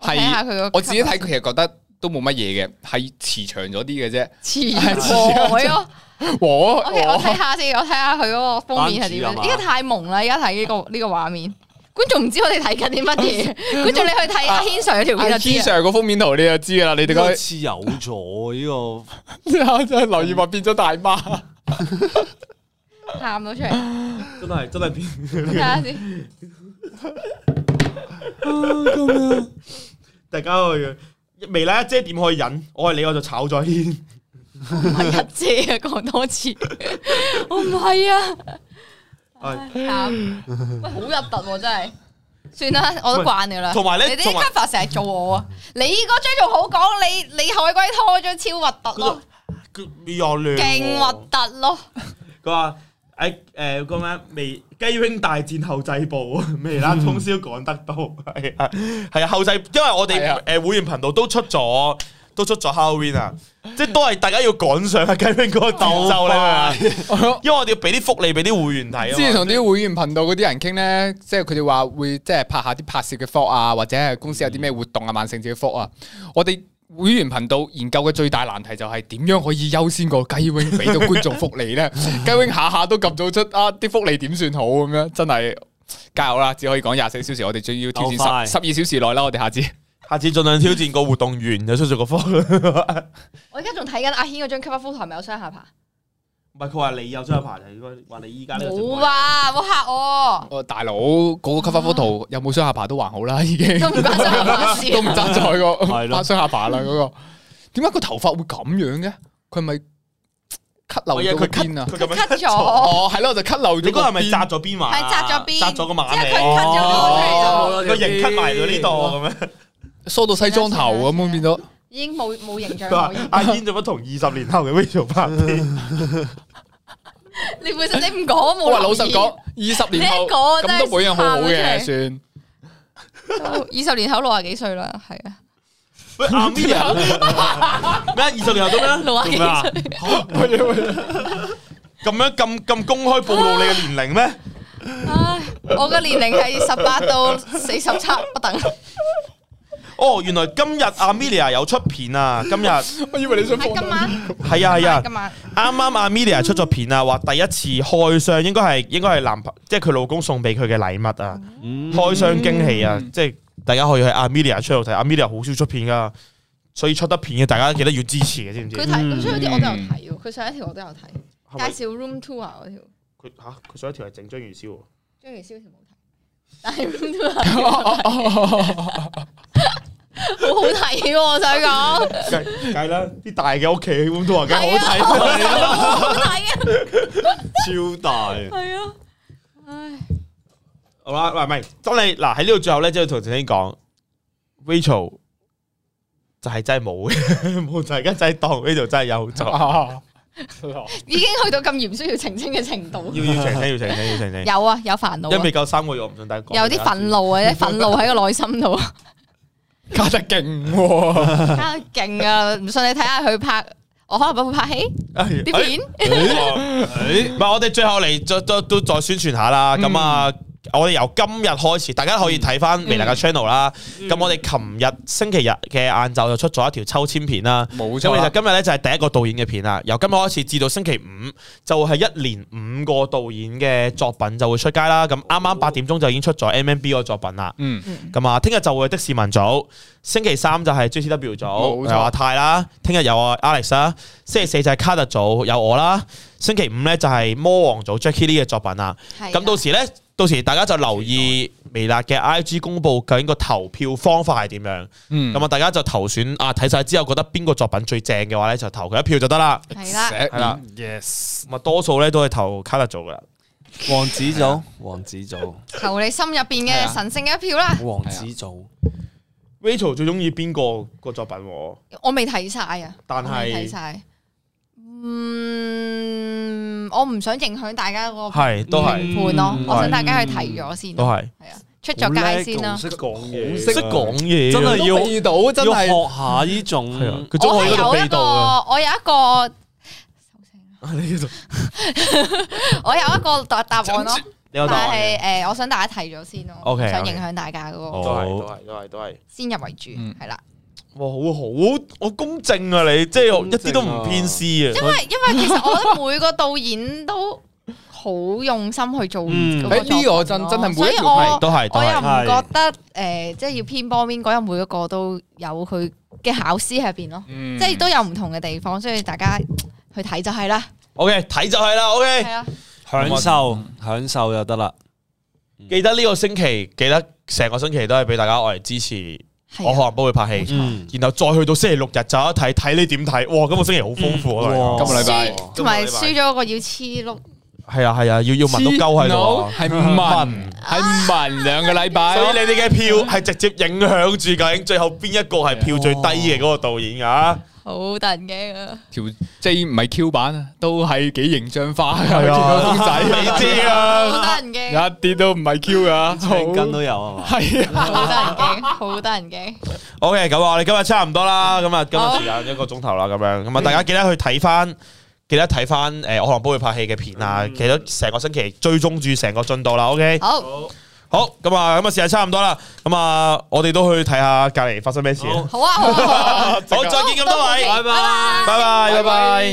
係，我自己睇佢，其實覺得都冇乜嘢嘅，係遲長咗啲嘅啫。遲啊！我，我睇下先，我睇下佢嗰個封面係點樣。依家太蒙啦！而家睇呢個呢個畫面，觀眾唔知我哋睇緊啲乜嘢。觀眾你去睇阿 Hin Sir 條片就知。Hin Sir 個封面圖你就知啦。你哋嗰似有咗呢個，真係劉蘊晴變咗大媽，喊到出嚟。真係真係變。睇大家去未啦？一姐點可以忍？我係你，我就炒咗先。唔係一姐啊，講多次，我唔係啊，慘，喂，好入突、啊、真係，算啦，我都慣噶啦。同埋咧，你啲 c u t 成日做我啊，你嗰張仲好講，你你海龜拖張超核突咯，又勁核突咯。佢話。喺誒個咩未雞 wing 大戰後製部 啊，未啦，通宵趕得多，係係啊，後製，因為我哋誒會員頻道都出咗都出咗 Halloween 啊， 即係都係大家要趕上雞 wing 嗰個節奏啦， 因為我哋要俾啲福利俾啲會員睇。之前同啲會員頻道嗰啲人傾咧，即係佢哋話會即係拍下啲拍攝嘅 vlog 啊，或者係公司有啲咩活動啊，萬聖節嘅 vlog 啊，我哋。會員頻道研究嘅最大難題就係點樣可以優先過雞 Wing 俾到觀眾福利咧？雞 Wing 下下都及到出啊！啲福利點算好咁樣？真係加油啦！只可以講廿四小時，我哋最要挑戰十十二小時內啦！我哋下次下次盡量挑戰個活動完 就出咗個福利。 我而家仲睇緊阿軒嗰張 cover 係咪有雙下巴？唔係佢話你有雙下巴，就係應該話你依家呢個冇啊，冇吓我。大佬嗰個 cut 翻幅圖有冇雙下巴都還好啦，已經都唔爭在個，都唔爭在個，係咯，雙下巴啦嗰個。點解個頭髮會咁樣嘅？佢係咪 cut 漏咗佢邊啊？cut 佢咗哦，係咯，就 cut 漏咗。嗰個係咪紮咗邊馬？係紮咗邊，紮咗個馬。佢 cut 咗呢個出嚟，個形 cut 埋咗呢度咁樣，梳到西裝頭咁樣變咗，已經冇冇形象。阿堅就不同，二十年後嘅 Will 發癲。你本身你唔講冇，我話老實講，二十年後咁都每人好嘅算。二十年後六啊幾歲啦？係啊。咩？二十年後做咩？六廿幾歲啊？咁樣咁咁公開暴露你嘅年齡咩？唉，我嘅年齡係十八到四十七不等。哦，原來今日阿 Milia 有出片啊！今日， 我以為你想放今晚，係啊係啊，今晚啱啱阿 Milia 出咗片啊，話第一次開箱，應該係應該係男朋，即係佢老公送俾佢嘅禮物啊，嗯、開箱驚喜啊！嗯、即係大家可以去、嗯、阿 Milia 出度睇，阿 Milia 好少出片噶，啊，所以出得片嘅大家記得要支持嘅，知唔知？佢睇，佢出啲我都有睇，佢上一條我都有睇，係咪介紹 Room Tour 啊 r 嗰條，佢嚇佢上一條係整張元宵，張元宵條冇睇，但係 Room Tour 好好睇，我想講，梗係啦，啲大嘅屋企咁多人梗好睇，好睇啊，超大，係啊，唉，好啦，唔係，當你，嗱喺呢度最後咧，就要同晴晴講，Rachel 就係真係冇嘅，冇就而家真係當 Rachel 真係有咗，已經去到咁嚴需要澄清嘅程度，要要澄清，要澄清，要澄清，有啊，有煩惱，因未夠三個月我唔想大家講，有啲憤怒啊，啲憤怒喺個內心度。啊。加得勁喎，加得勁啊！唔 信你睇下佢拍，我可能幫佢拍戲啲、哎、片。唔係我哋最後嚟，再再都再宣傳下啦，咁、嗯、啊！我哋由今日開始，大家可以睇翻未來嘅 channel 啦。咁、嗯嗯、我哋琴日星期日嘅晏晝就出咗一條抽籤片啦。冇錯錯。咁其實今日咧就係第一個導演嘅片啦。由今日開始至到星期五，就係一連五個導演嘅作品就會出街啦。咁啱啱八點鐘就已經出咗 M M B 個作品啦。嗯。咁啊、嗯，聽日、嗯、就會的士文組，星期三就係 J C W 組，有錯阿泰啦。聽日有啊 Alex 啦，星期四就係卡特組，有我啦。星期五咧就係魔王組 Jackie Lee 嘅作品啦。係、嗯。咁到時咧？到時大家就留意微辣嘅 IG 公布，究竟個投票方法係點樣，咁啊、嗯、大家就投選啊睇晒之後，覺得邊個作品最正嘅話咧就投佢一票就得啦。係啦，係啦，yes，咁啊多數咧都係投卡拉做噶，王子做 、啊，王子做，投你心入邊嘅神聖嘅一票啦，王子做，Rachel 最中意邊個個作品？我未睇晒啊，但係是。嗯，我唔想影響大家個，係都係判咯，我想大家去睇咗先，都係，係啊，出咗街先咯。識講嘢，識講嘢，真係要味道，真係要學下呢種。係啊，我係有一個，我有一個，我有一個答答案咯。但係誒，我想大家睇咗先咯。O K，想影響大家嗰個，都係都係都係都係先入為主，係啦。哇！好好，我公正啊，你即係一啲都唔偏私啊。因為因為其實我覺得每個導演都好用心去做。誒，呢個真真係每一條片都係。我又唔覺得誒，即係要偏幫邊個，因為每一個都有佢嘅考試喺邊咯。即係都有唔同嘅地方，所以大家去睇就係啦。O K，睇就係啦。O K，係啊，享受享受就得啦。記得呢個星期，記得成個星期都係俾大家我嚟支持。我可能幫佢拍戲，嗯、然後再去到星期六日就一睇，睇你點睇，哇！今個星期好豐富啊，今個禮拜，同埋禮輸咗個要黐碌，係啊係啊，要要紋到鳩喺度，係紋，係紋兩個禮拜，所以你哋嘅票係直接影響住究竟，最後邊一個係票最低嘅嗰個導演噶。哦好得人驚啊！條，即係唔係 Q 版啊，都係幾形象化啊，條公仔，你知啊？好得人驚，一啲都唔係 Q 噶，青筋都有啊嘛。係啊，好得人驚，好得人驚。O K，咁啊，我哋今日差唔多啦，咁啊，今日時間一個鐘頭啦，咁樣，咁啊，大家記得去睇翻，記得睇翻誒，我韓波佢拍戲嘅片啊，記得成個星期追蹤住成個進度啦。O K，好。好，咁啊，咁啊，時間差唔多啦，咁啊，我哋都去睇下隔籬發生咩事。哦，好啊，好，再見，咁多位多謝，拜拜，拜拜，拜拜。拜拜拜拜。